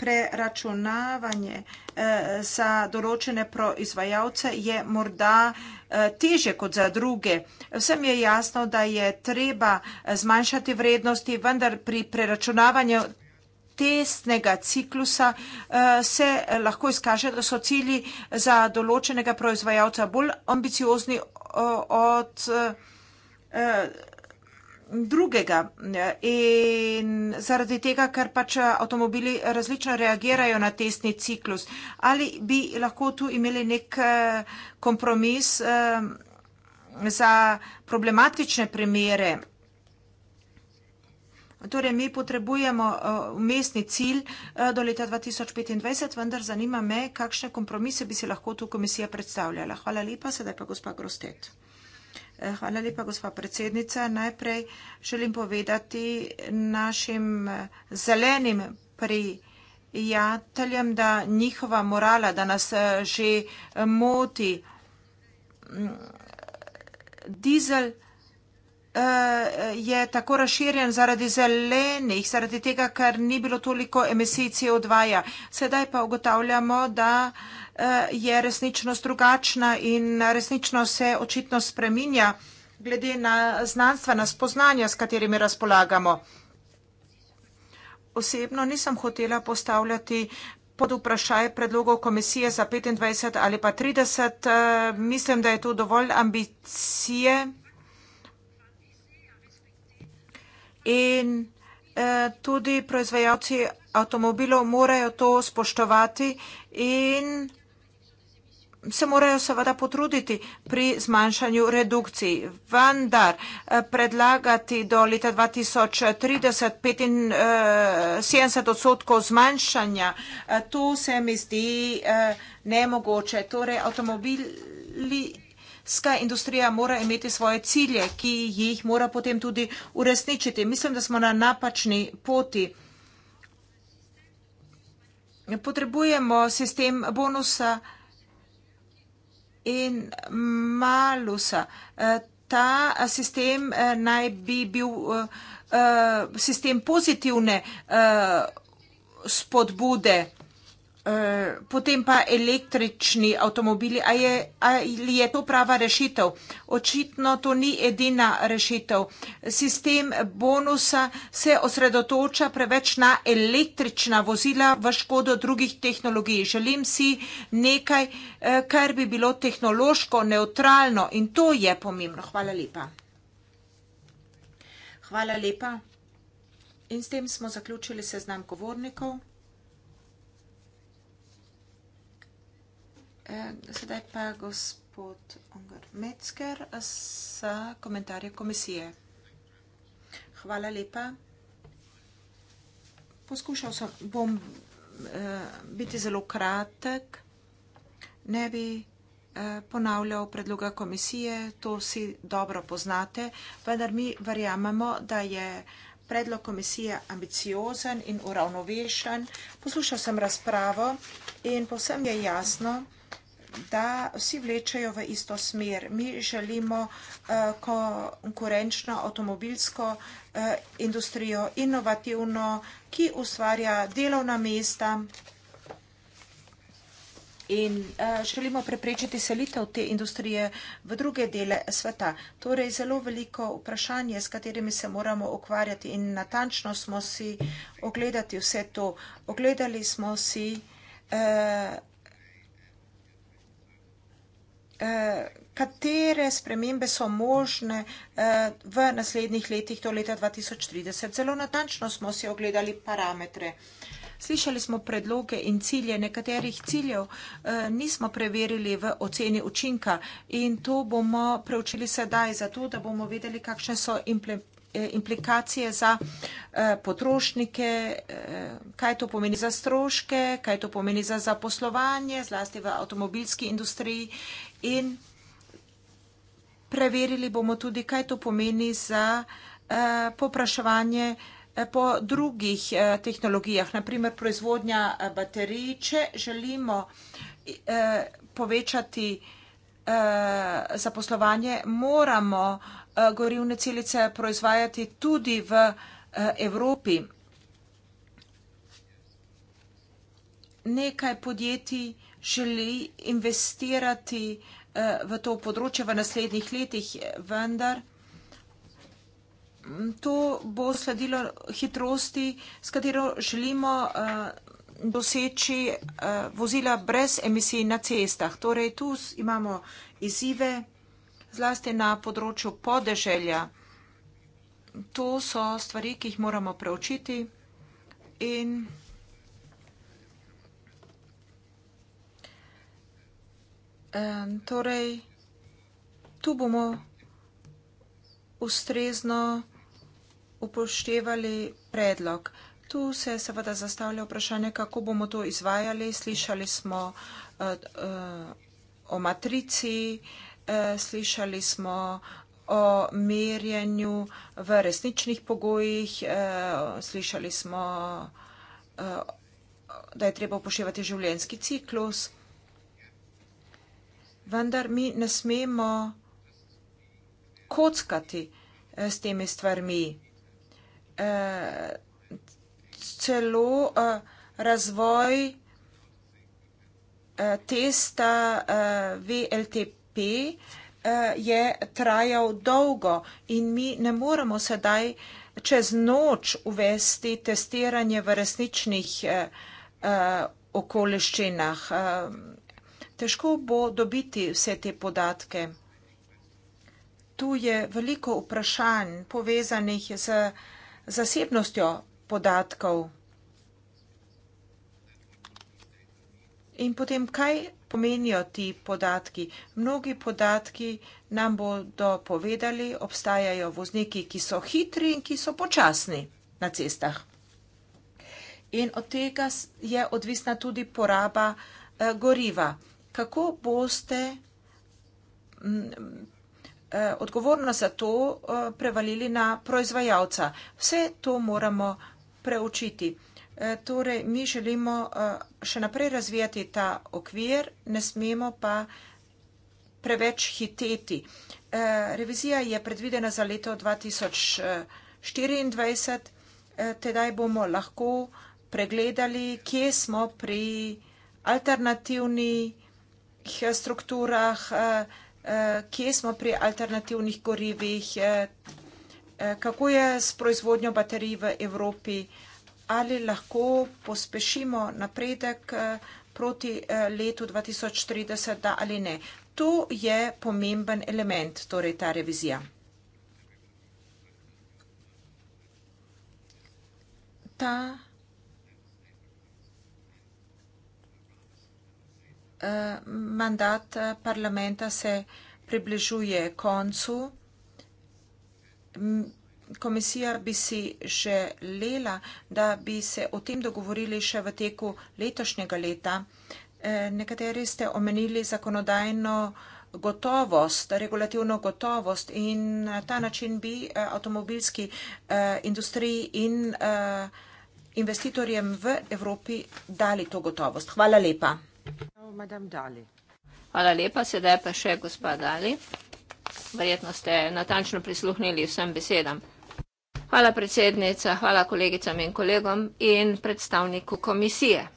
preračunavanje uh, za določene proizvajalce je morda uh, teže kot za druge. Vsem je jasno, da je treba zmanjšati vrednosti, vendar pri preračunavanju testnega ciklusa eh, se eh, lahko izkaže, da so cilji eh, za določenega proizvajalca bolj ambiciozni od drugega. In zaradi tega, ker pač avtomobili različno reagirajo na testni ciklus. Ali bi lahko tu imeli nek kompromis za problematične primere? Torej, mi potrebujemo eh, umestni cilj eh, do leta 2025, vendar zanima me, kakšne kompromise bi si lahko tu komisija predstavljala. Hvala lepa, sedaj pa gospa Grostet. Eh, hvala lepa, gospa predsednica. Najprej želim povedati našim zelenim prijateljem, da njihova morala, da nas že moti mm, dizel, da nas že moti dizel, Eh, je tako razširjen zaradi zelenih, zaradi tega, ker ni bilo toliko emisij CO2. -ja. Sedaj pa ugotavljamo, da eh, je resničnost drugačna in resnično se očitno spreminja glede na znanstvena spoznanja, s katerimi razpolagamo. Osebno nisem hotela postavljati pod vprašaj predlogov komisije za 25 ali pa 30. Eh, mislim, da je to dovolj ambicije. in eh, tudi proizvajalci avtomobilov morajo to spoštovati in se morajo seveda potruditi pri zmanjšanju redukcij. Vendar eh, predlagati do leta 2030 75 eh, odstotkov zmanjšanja, eh, to se mi zdi nemogoče. Torej, avtomobili filmska industrija mora imeti svoje cilje, ki jih mora potem tudi uresničiti. Mislim, da smo na napačni poti. Potrebujemo sistem bonusa in malusa. Ta sistem eh, naj bi bil eh, eh, sistem pozitivne spodbude. Eh, potem pa električni avtomobili. A je, ali je to prava rešitev? Očitno to ni edina rešitev. Sistem bonusa se osredotoča preveč na električna vozila v škodo drugih tehnologij. Želim si nekaj, eh, kar bi bilo tehnološko neutralno in to je pomembno. Hvala lepa. Hvala lepa. In s tem smo zaključili seznam govornikov. Eh, sedaj pa gospod Ungar Metzger s komentarjem komisije. Hvala lepa. Poskušal sem, bom eh, biti zelo kratek, ne bi eh, ponavljal predloga komisije, to vsi dobro poznate, vendar mi verjamemo, da je predlog komisije ambiciozen in uravnovešen. Poslušal sem razpravo in povsem je jasno, da je da vsi vlečejo v isto smer. Mi želimo eh, konkurenčno avtomobilsko eh, industrijo, inovativno, ki ustvarja delovna mesta in eh, želimo preprečiti selitev te industrije v druge dele sveta. Torej, zelo veliko vprašanje, s katerimi se moramo ukvarjati in natančno smo si ogledati vse to. Ogledali smo si vse, katere spremembe so možne eh, v naslednjih letih do leta 2030. Zelo natančno smo si ogledali parametre. Slišali smo predloge in cilje, nekaterih ciljev eh, nismo preverili v oceni učinka in to bomo preučili sedaj, zato da bomo vedeli, kakšne so Eh, implikacije za eh, potrošnike, eh, kaj to pomeni za stroške, kaj to pomeni za zaposlovanje, zlasti v avtomobilski industriji in preverili bomo tudi, kaj to pomeni za popraševanje po drugih tehnologijah, naprimer proizvodnja baterij, če želimo povečati zaposlovanje, moramo povedati, Eh, gorivne celice proizvajati tudi v eh, Evropi. Nekaj podjetij želi investirati eh, v to področje v naslednjih letih, vendar mm, to bo sledilo hitrosti, s katero želimo doseči vozila brez emisij na cestah. Torej, tu imamo izzive zlasti na področju podeželja. Tu so stvari, ki jih moramo preučiti in torej tu bomo ustrezno upoštevali predlog. Tu se seveda zastavlja vprašanje, kako bomo to izvajali. Slišali smo uh, uh, o matrici, uh, Eh, slišali smo o merjenju v resničnih pogojih, eh, slišali smo, eh, da je treba upoštevati življenjski ciklus, vendar mi ne smemo kockati s temi stvarmi. Celo razvoj testa VLTP trpi, eh, je trajal dolgo in mi ne moremo sedaj čez noč uvesti testiranje v resničnih eh, eh, okoliščinah. Težko bo dobiti vse te podatke. Tu je veliko vprašanj povezanih z zasebnostjo podatkov. In potem, kaj pomenijo ti podatki. Mnogi podatki nam bodo povedali, obstajajo vozniki, ki so hitri in ki so počasni na cestah. In od tega je odvisna tudi poraba eh, goriva. Kako boste m, eh, odgovorno za to eh, prevalili na proizvajalca? Vse to moramo preučiti. Eh, torej, mi želimo eh, še naprej razvijati ta okvir, ne smemo pa preveč hiteti. Eh, revizija je predvidena za leto 2024, tedaj bomo lahko pregledali, kje smo pri alternativnih strukturah, kje smo pri alternativnih gorivih, kako je s proizvodnjo baterij v Evropi, ali lahko pospešimo napredek eh, proti eh, letu 2030, da ali ne. To je pomemben element, torej ta revizija. Ta eh, mandat parlamenta se približuje koncu komisija bi si želela, da bi se o tem dogovorili še v teku letošnjega leta. Eh, nekateri ste omenili zakonodajno gotovost, regulativno gotovost in ta način bi eh, avtomobilski eh, industriji in investitorjem v Evropi dali to gotovost. Hvala lepa. Hvala lepa, sedaj pa še gospa Dali. Verjetno ste natančno prisluhnili vsem besedam. Hvala predsednica, hvala kolegicam in kolegom in predstavniku komisije.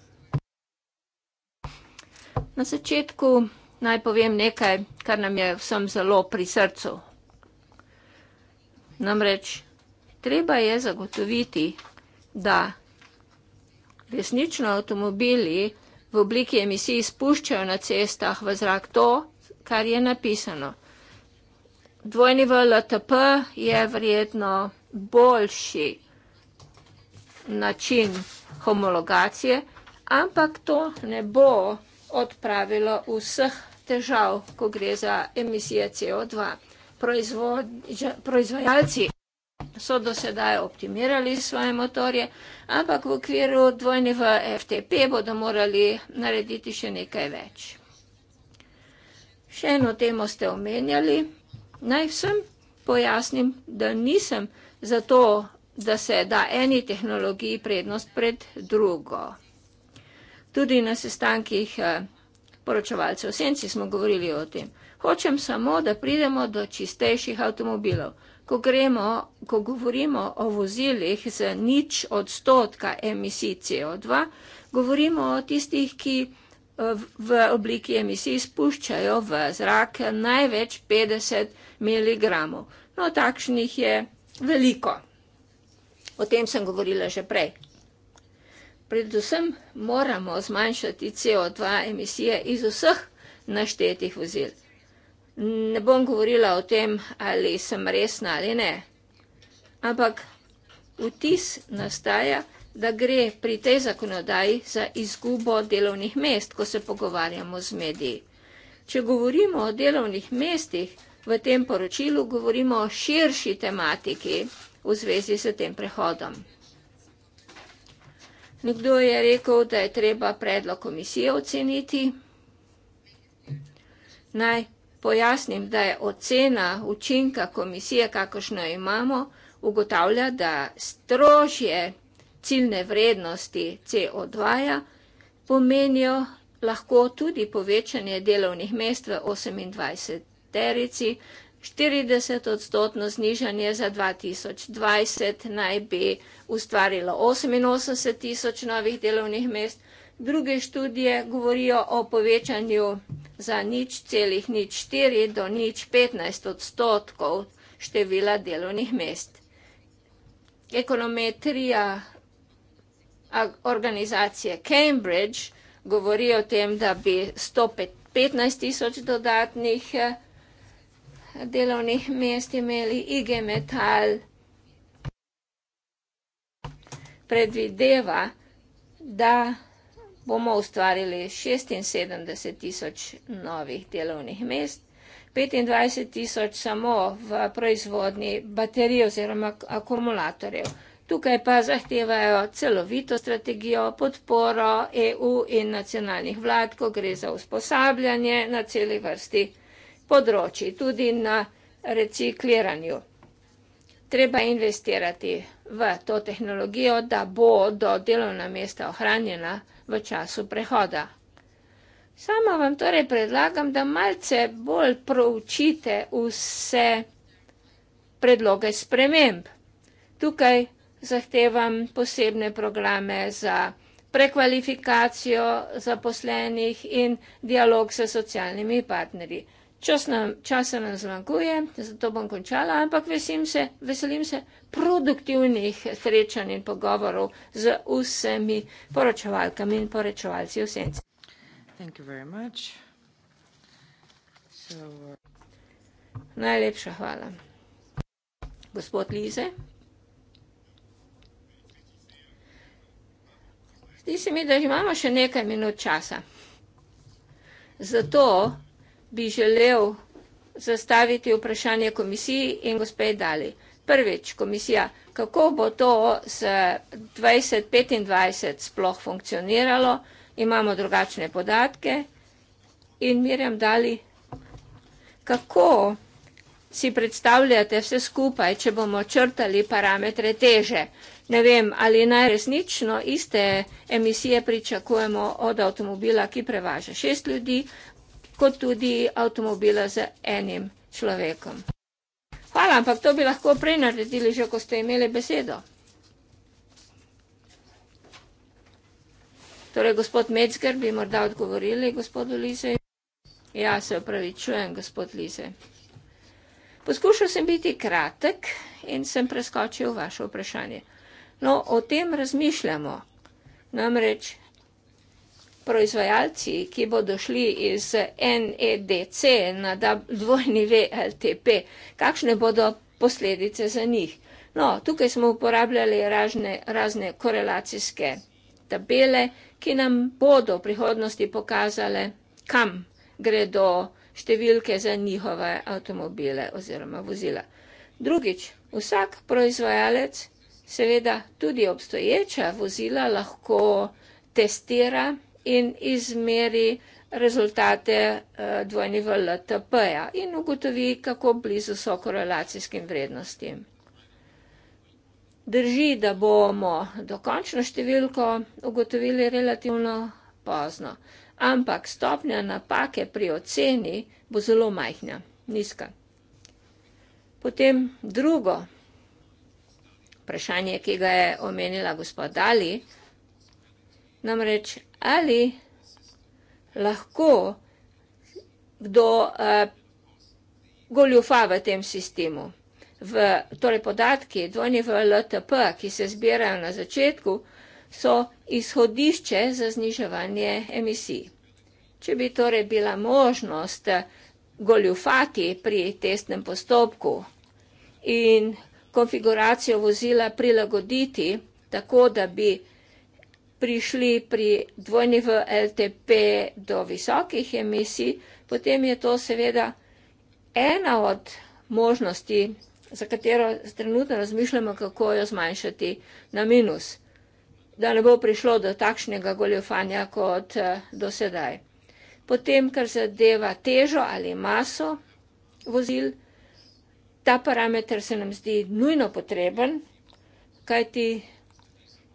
Na začetku naj povem nekaj, kar nam je vsem zelo pri srcu. Namreč, treba je zagotoviti, da resnično avtomobili v obliki emisij spuščajo na cestah v zrak to, kar je napisano. Dvojni VLTP je verjetno vsega, boljši način homologacije, ampak to ne bo odpravilo vseh težav, ko gre za emisije CO2. Proizvajalci so dosedaj optimirali svoje motorje, ampak v okviru dvojni v FTP bodo morali narediti še nekaj več. Še eno temo ste omenjali. Naj vsem pojasnim, da nisem vsega, zato da se da eni tehnologiji prednost pred drugo. Tudi na sestankih eh, poročevalcev senci smo govorili o tem. Hočem samo, da pridemo do čistejših avtomobilov. Ko, gremo, ko govorimo o vozilih z nič odstotka emisij CO2, govorimo o tistih, ki eh, v obliki emisij spuščajo v zrak največ 50 mg. No, takšnih je veliko. O tem sem govorila že prej. Predvsem moramo zmanjšati CO2 emisije iz vseh naštetih vozil. Ne bom govorila o tem, ali sem resna ali ne, ampak vtis nastaja, da gre pri tej zakonodaji za izgubo delovnih mest, ko se pogovarjamo z mediji. Če govorimo o delovnih mestih, v tem poročilu govorimo o širši tematiki v zvezi s tem prehodom. Nekdo je rekel, da je treba predlog komisije oceniti. Naj pojasnim, da je ocena učinka komisije, kakošno imamo, ugotavlja, da strožje ciljne vrednosti CO2 -ja pomenijo lahko tudi povečanje delovnih mest v 28 deseterici, 40 odstotno znižanje za 2020 naj bi ustvarilo 88 tisoč novih delovnih mest. Druge študije govorijo o povečanju za nič celih nič 4 do nič 15 odstotkov števila delovnih mest. Ekonometrija organizacije Cambridge govori o tem, da bi 115 tisoč dodatnih eh, delovnih mest imeli IG Metal predvideva, da bomo ustvarili 76 tisoč novih delovnih mest, 25 tisoč samo v proizvodni baterij oziroma akumulatorjev. Tukaj pa zahtevajo celovito strategijo, podporo EU in nacionalnih vlad, ko gre za usposabljanje na celi vrsti področji, tudi na recikliranju. Treba investirati v to tehnologijo, da bo do delovna mesta ohranjena v času prehoda. Sama vam torej predlagam, da malce bolj proučite vse predloge sprememb. Tukaj zahtevam posebne programe za prekvalifikacijo zaposlenih in dialog s socialnimi partnerji čas nam, časa nam zmanjkuje, zato bom končala, ampak veselim se, veselim se produktivnih srečanj in pogovorov z vsemi poročevalkami in poročevalci v senci. So, uh... Najlepša hvala. Gospod Lize. Zdi se mi, da imamo še nekaj minut časa. Zato bi želel zastaviti vprašanje komisiji in gospej Dali. Prvič, komisija, kako bo to s 2025 sploh funkcioniralo, imamo drugačne podatke in Mirjam Dali, kako si predstavljate vse skupaj, če bomo črtali parametre teže? Ne vem, ali naj resnično iste emisije pričakujemo od avtomobila, ki prevaža šest ljudi, kot tudi avtomobila z enim človekom. Hvala, ampak to bi lahko prej naredili, že ko ste imeli besedo. Torej, gospod Metzger bi morda odgovorili gospodu Lise. Ja, se upravičujem, gospod Lise. Poskušal sem biti kratek in sem preskočil vaše vprašanje. No, o tem razmišljamo. Namreč proizvajalci, ki bodo šli iz NEDC na dvojni VLTP, kakšne bodo posledice za njih. No, tukaj smo uporabljali razne, razne korelacijske tabele, ki nam bodo v prihodnosti pokazale, kam gredo številke za njihove avtomobile oziroma vozila. Drugič, vsak proizvajalec, seveda tudi obstoječa vozila, lahko testira in izmeri rezultate eh, dvojni VLTP-ja in ugotovi, kako blizu so korelacijskim vrednostim. Drži, da bomo dokončno številko ugotovili relativno pozno, ampak stopnja napake pri oceni bo zelo majhna, nizka. Potem drugo vprašanje, ki ga je omenila gospod Dali, namreč ali lahko kdo uh, goljufa v tem sistemu. V, torej podatki dvojni v LTP, ki se zbirajo na začetku, so izhodišče za zniževanje emisij. Če bi torej bila možnost eh, goljufati pri testnem postopku in konfiguracijo vozila prilagoditi tako, da bi prišli pri dvojni v LTP do visokih emisij, potem je to seveda ena od možnosti, za katero trenutno razmišljamo, kako jo zmanjšati na minus, da ne bo prišlo do takšnega goljofanja kot eh, do sedaj. Potem, kar zadeva težo ali maso vozil, ta parameter se nam zdi nujno potreben, kajti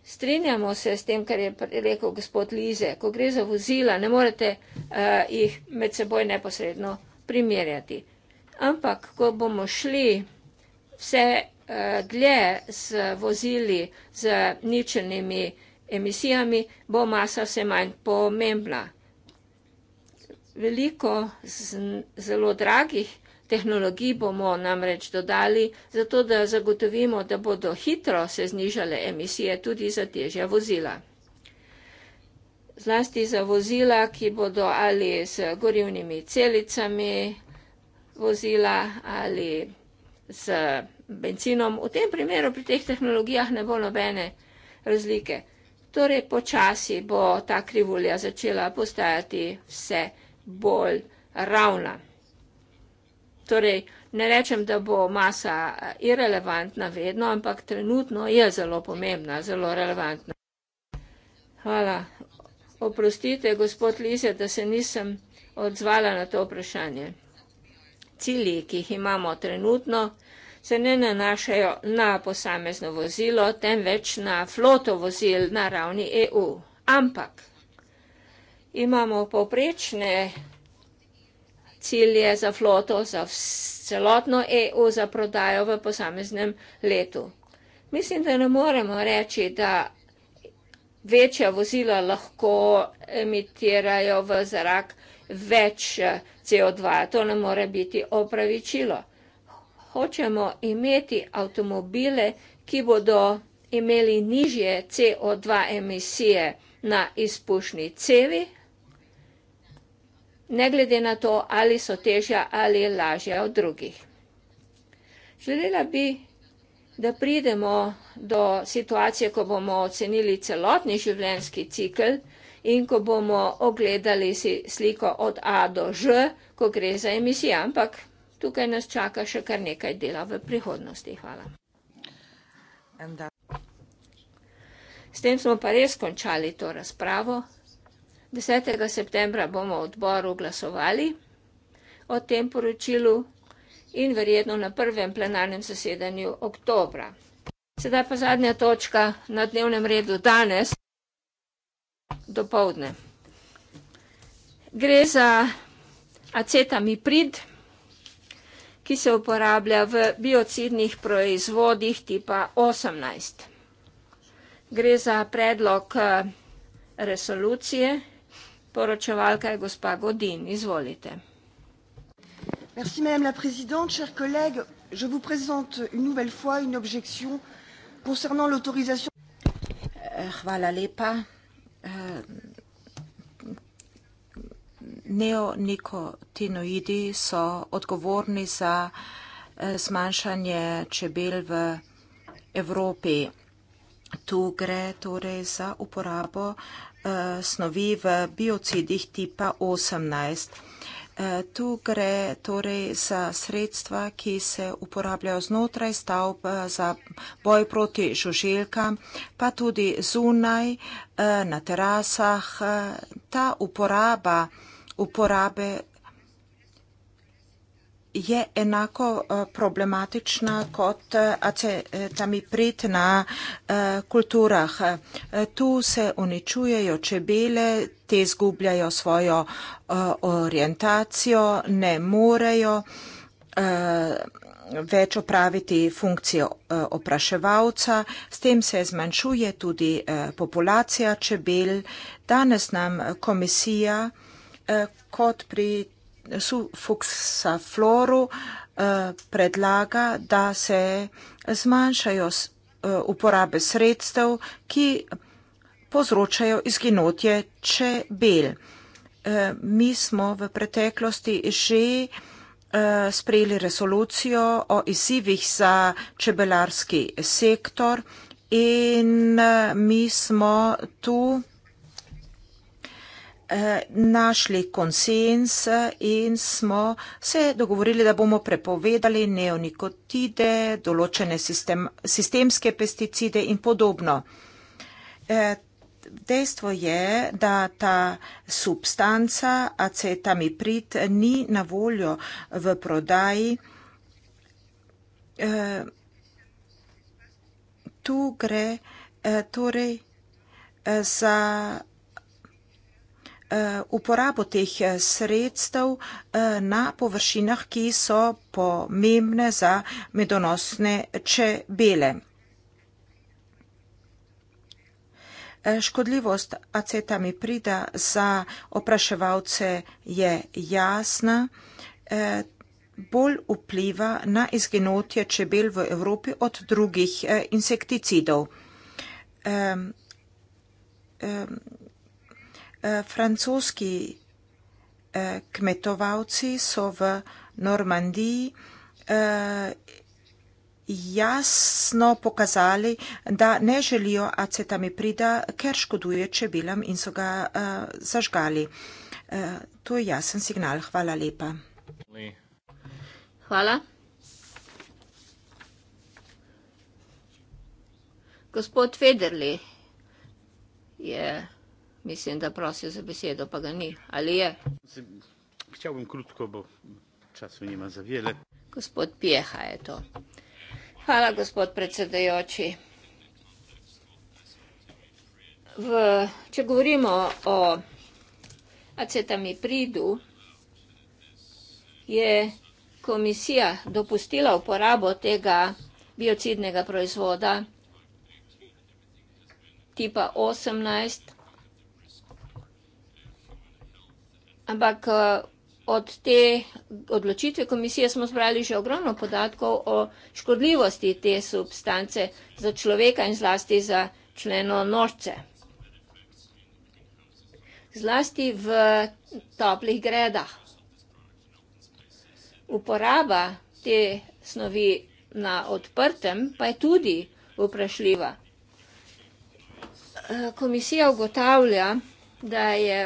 strinjamo se s tem, kar je rekel gospod Lize, ko gre za vozila, ne morete uh, jih med seboj neposredno primerjati. Ampak, ko bomo šli vse uh, dlje z vozili z ničenimi emisijami, bo masa vse manj pomembna. Veliko zelo dragih Tehnologiji bomo namreč dodali, zato da zagotovimo, da bodo hitro se znižale emisije tudi za težja vozila. Zlasti za vozila, ki bodo ali s gorivnimi celicami vozila ali s benzinom. V tem primeru pri teh tehnologijah ne bo nobene razlike. Torej počasi bo ta krivulja začela postajati vse bolj ravna. Torej, ne rečem, da bo masa eh, irrelevantna vedno, ampak trenutno je zelo pomembna, zelo relevantna. Hvala. Oprostite, gospod Lize, da se nisem odzvala na to vprašanje. Cilji, ki jih imamo trenutno, se ne nanašajo na posamezno vozilo, temveč na floto vozil na ravni EU. Ampak imamo povprečne cilj je za floto, za celotno EU, za prodajo v posameznem letu. Mislim, da ne moremo reči, da večja vozila lahko emitirajo v zrak več eh, CO2. To ne more biti opravičilo. Hočemo imeti avtomobile, ki bodo imeli nižje CO2 emisije na izpušni cevi, ne glede na to, ali so težja ali lažja od drugih. Želela bi, da pridemo do situacije, ko bomo ocenili celotni življenjski cikl in ko bomo ogledali si sliko od A do Ž, ko gre za emisijo, ampak tukaj nas čaka še kar nekaj dela v prihodnosti. Hvala. S tem smo pa res končali to razpravo. 10. septembra bomo v odboru glasovali o tem poročilu in verjetno na prvem plenarnem zasedanju oktobra. Sedaj pa zadnja točka na dnevnem redu danes, do povdne. Gre za acetamiprid, ki se uporablja v biocidnih proizvodih tipa 18. Gre za predlog eh, resolucije, Poročevalka je gospa Godin, izvolite. Merci madame la présidente, chers collègues, je vous présente une nouvelle fois une objection concernant l'autorisation. Eh, hvala lepa. Eh, neonikotinoidi so odgovorni za eh, zmanjšanje čebel v Evropi. Tu gre torej za uporabo Eh, snovi v biocidih tipa 18. Eh, tu gre torej za sredstva, ki se uporabljajo znotraj stavb eh, za boj proti žuželjkam, pa tudi zunaj, na terasah. Ta uporaba uporabe je enako eh, problematična kot acetamiprid eh, eh, na kulturah. Tu se uničujejo čebele, te zgubljajo svojo orientacijo, ne morejo več opraviti funkcijo opraševalca. S tem se zmanjšuje tudi populacija čebel. Danes nam komisija kot pri su fuksafloru eh, predlaga, da se zmanjšajo eh, uporabe sredstev, ki povzročajo izginotje čebel. Eh, mi smo v preteklosti že sprejeli resolucijo o izzivih za čebelarski sektor in mi smo tu Eh, našli konsens in smo se dogovorili, da bomo prepovedali neonikotide, določene sistem, sistemske pesticide in podobno. Eh, dejstvo je, da ta substanca acetamiprit ni na voljo v prodaji. Eh, tu gre torej za Eh, uporabo teh eh, sredstev eh, na površinah, ki so pomembne za medonosne čebele. Škodljivost acetamiprida za opraševalce je jasna, bolj vpliva na izginotje čebel v Evropi od drugih insekticidov. Eh, francoski eh, kmetovalci so v Normandiji eh, jasno pokazali, da ne želijo acetamiprida, ker škoduje čebelam in so ga zažgali. To je jasen signal. Hvala lepa. Hvala. Gospod Federli je mislim, da prosil za besedo, pa ga ni. Ali je? Hčel bom krutko, bo čas v njima zavijele. Gospod Pjeha je to. Hvala, gospod predsedajoči. V, če govorimo o acetamipridu, je komisija dopustila uporabo tega biocidnega proizvoda tipa 18, Ampak eh, od te odločitve komisije smo zbrali že ogromno podatkov o škodljivosti te substance za človeka in zlasti za členo norce. Zlasti v toplih gredah. Uporaba te snovi na odprtem pa je tudi vprašljiva. Eh, komisija ugotavlja, da je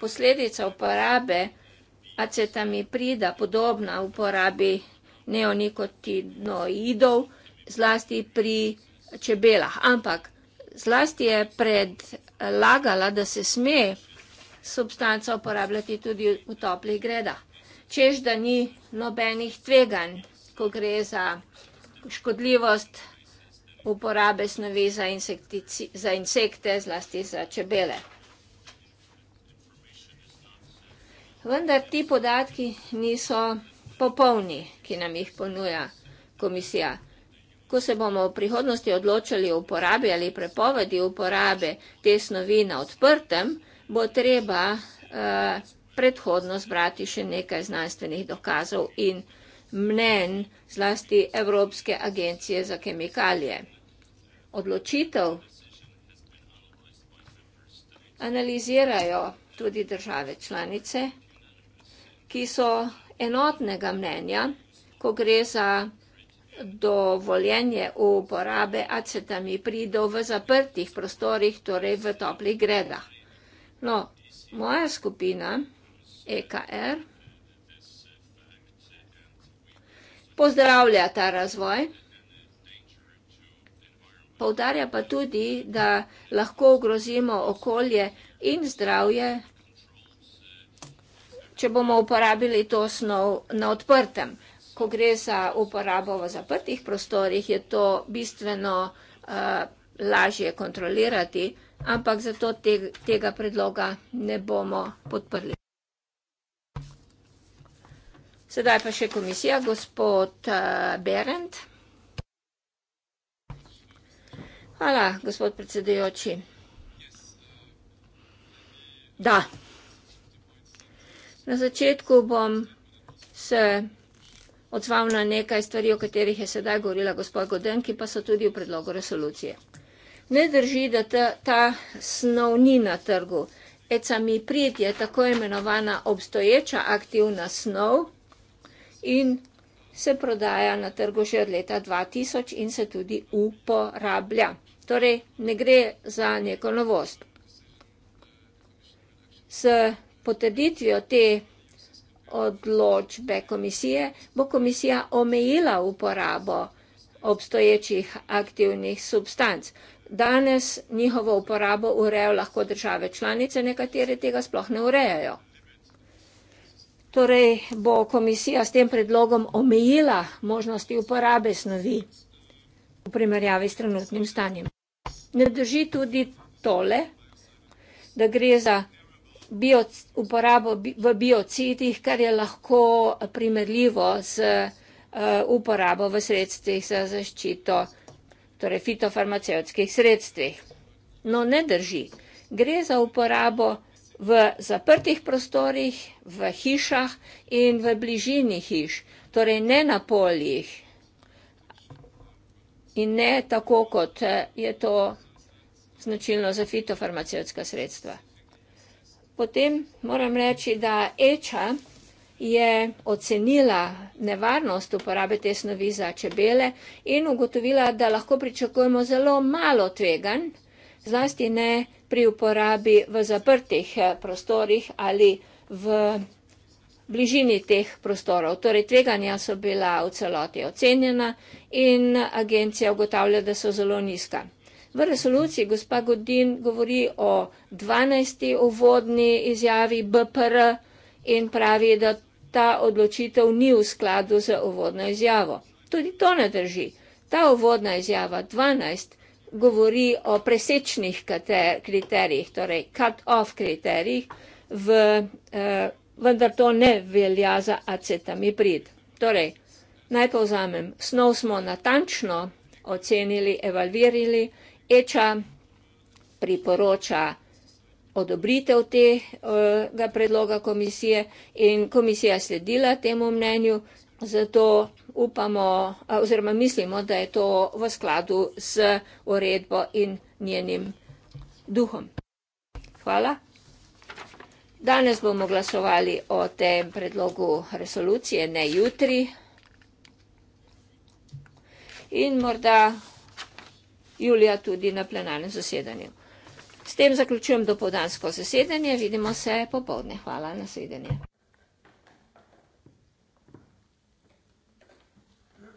posledica uporabe acetamiprida podobna uporabi neonikotinoidov, zlasti pri čebelah. Ampak zlasti je predlagala, da se sme substanca uporabljati tudi v toplih gredah. Čež, da ni nobenih tveganj, ko gre za škodljivost uporabe snovi za, za insekte, zlasti za čebele. Vendar ti podatki niso popolni, ki nam jih ponuja komisija. Ko se bomo v prihodnosti odločili o uporabi ali prepovedi uporabe te snovi na odprtem, bo treba eh, predhodno zbrati še nekaj znanstvenih dokazov in mnen zlasti Evropske agencije za kemikalije. Odločitev analizirajo tudi države članice ki so enotnega mnenja, ko gre za dovoljenje uporabe acetamiprida v zaprtih prostorih, torej v toplih gredah. No, moja skupina EKR pozdravlja ta razvoj, poudarja pa tudi, da lahko ogrozimo okolje in zdravje če bomo uporabili to snov na odprtem. Ko gre za uporabo v zaprtih prostorih, je to bistveno uh, lažje kontrolirati, ampak zato te, tega predloga ne bomo podprli. Sedaj pa še komisija, gospod uh, Berend. Hvala, gospod predsedujoči. Da. Na začetku bom se odzval na nekaj stvari, o katerih je sedaj govorila gospod Goden, ki pa so tudi v predlogu resolucije. Ne drži, da ta, ta snov ni na trgu. Ecamiprid je tako imenovana obstoječa aktivna snov in se prodaja na trgu že od leta 2000 in se tudi uporablja. Torej, ne gre za neko novost. S potrditvijo te odločbe komisije bo komisija omejila uporabo obstoječih aktivnih substanc. Danes njihovo uporabo urejo lahko države članice, nekatere tega sploh ne urejajo. Torej bo komisija s tem predlogom omejila možnosti uporabe snovi v primerjavi s trenutnim stanjem. Ne drži tudi tole, da gre za bio, uporabo v biocidih, kar je lahko primerljivo z eh, uporabo v sredstvih za zaščito, torej fitofarmacevtskih sredstvih. No, ne drži. Gre za uporabo v zaprtih prostorih, v hišah in v bližini hiš, torej ne na poljih in ne tako, kot eh, je to značilno za fitofarmacevtska sredstva. Potem moram reči, da Eča je ocenila nevarnost uporabe te snovi za čebele in ugotovila, da lahko pričakujemo zelo malo tvegan, zlasti ne pri uporabi v zaprtih eh, prostorih ali v bližini teh prostorov. Torej, tveganja so bila v celoti ocenjena in agencija ugotavlja, da so zelo nizka. V resoluciji gospa Godin govori o 12. uvodni izjavi BPR in pravi, da ta odločitev ni v skladu z uvodno izjavo. Tudi to ne drži. Ta uvodna izjava 12 govori o presečnih kater, kriterijih, torej cut-off kriterijih, v, eh, vendar to ne velja za acetamiprid. Torej, naj povzamem, snov smo natančno ocenili, evalvirili, Eča priporoča odobritev tega predloga komisije in komisija sledila temu mnenju, zato upamo oziroma mislimo, da je to v skladu z uredbo in njenim duhom. Hvala. Danes bomo glasovali o tem predlogu resolucije, ne jutri. In morda julija tudi na plenarnem zasedanju. S tem zaključujem dopoldansko zasedanje, vidimo se popovdne. Hvala, nasvidenje.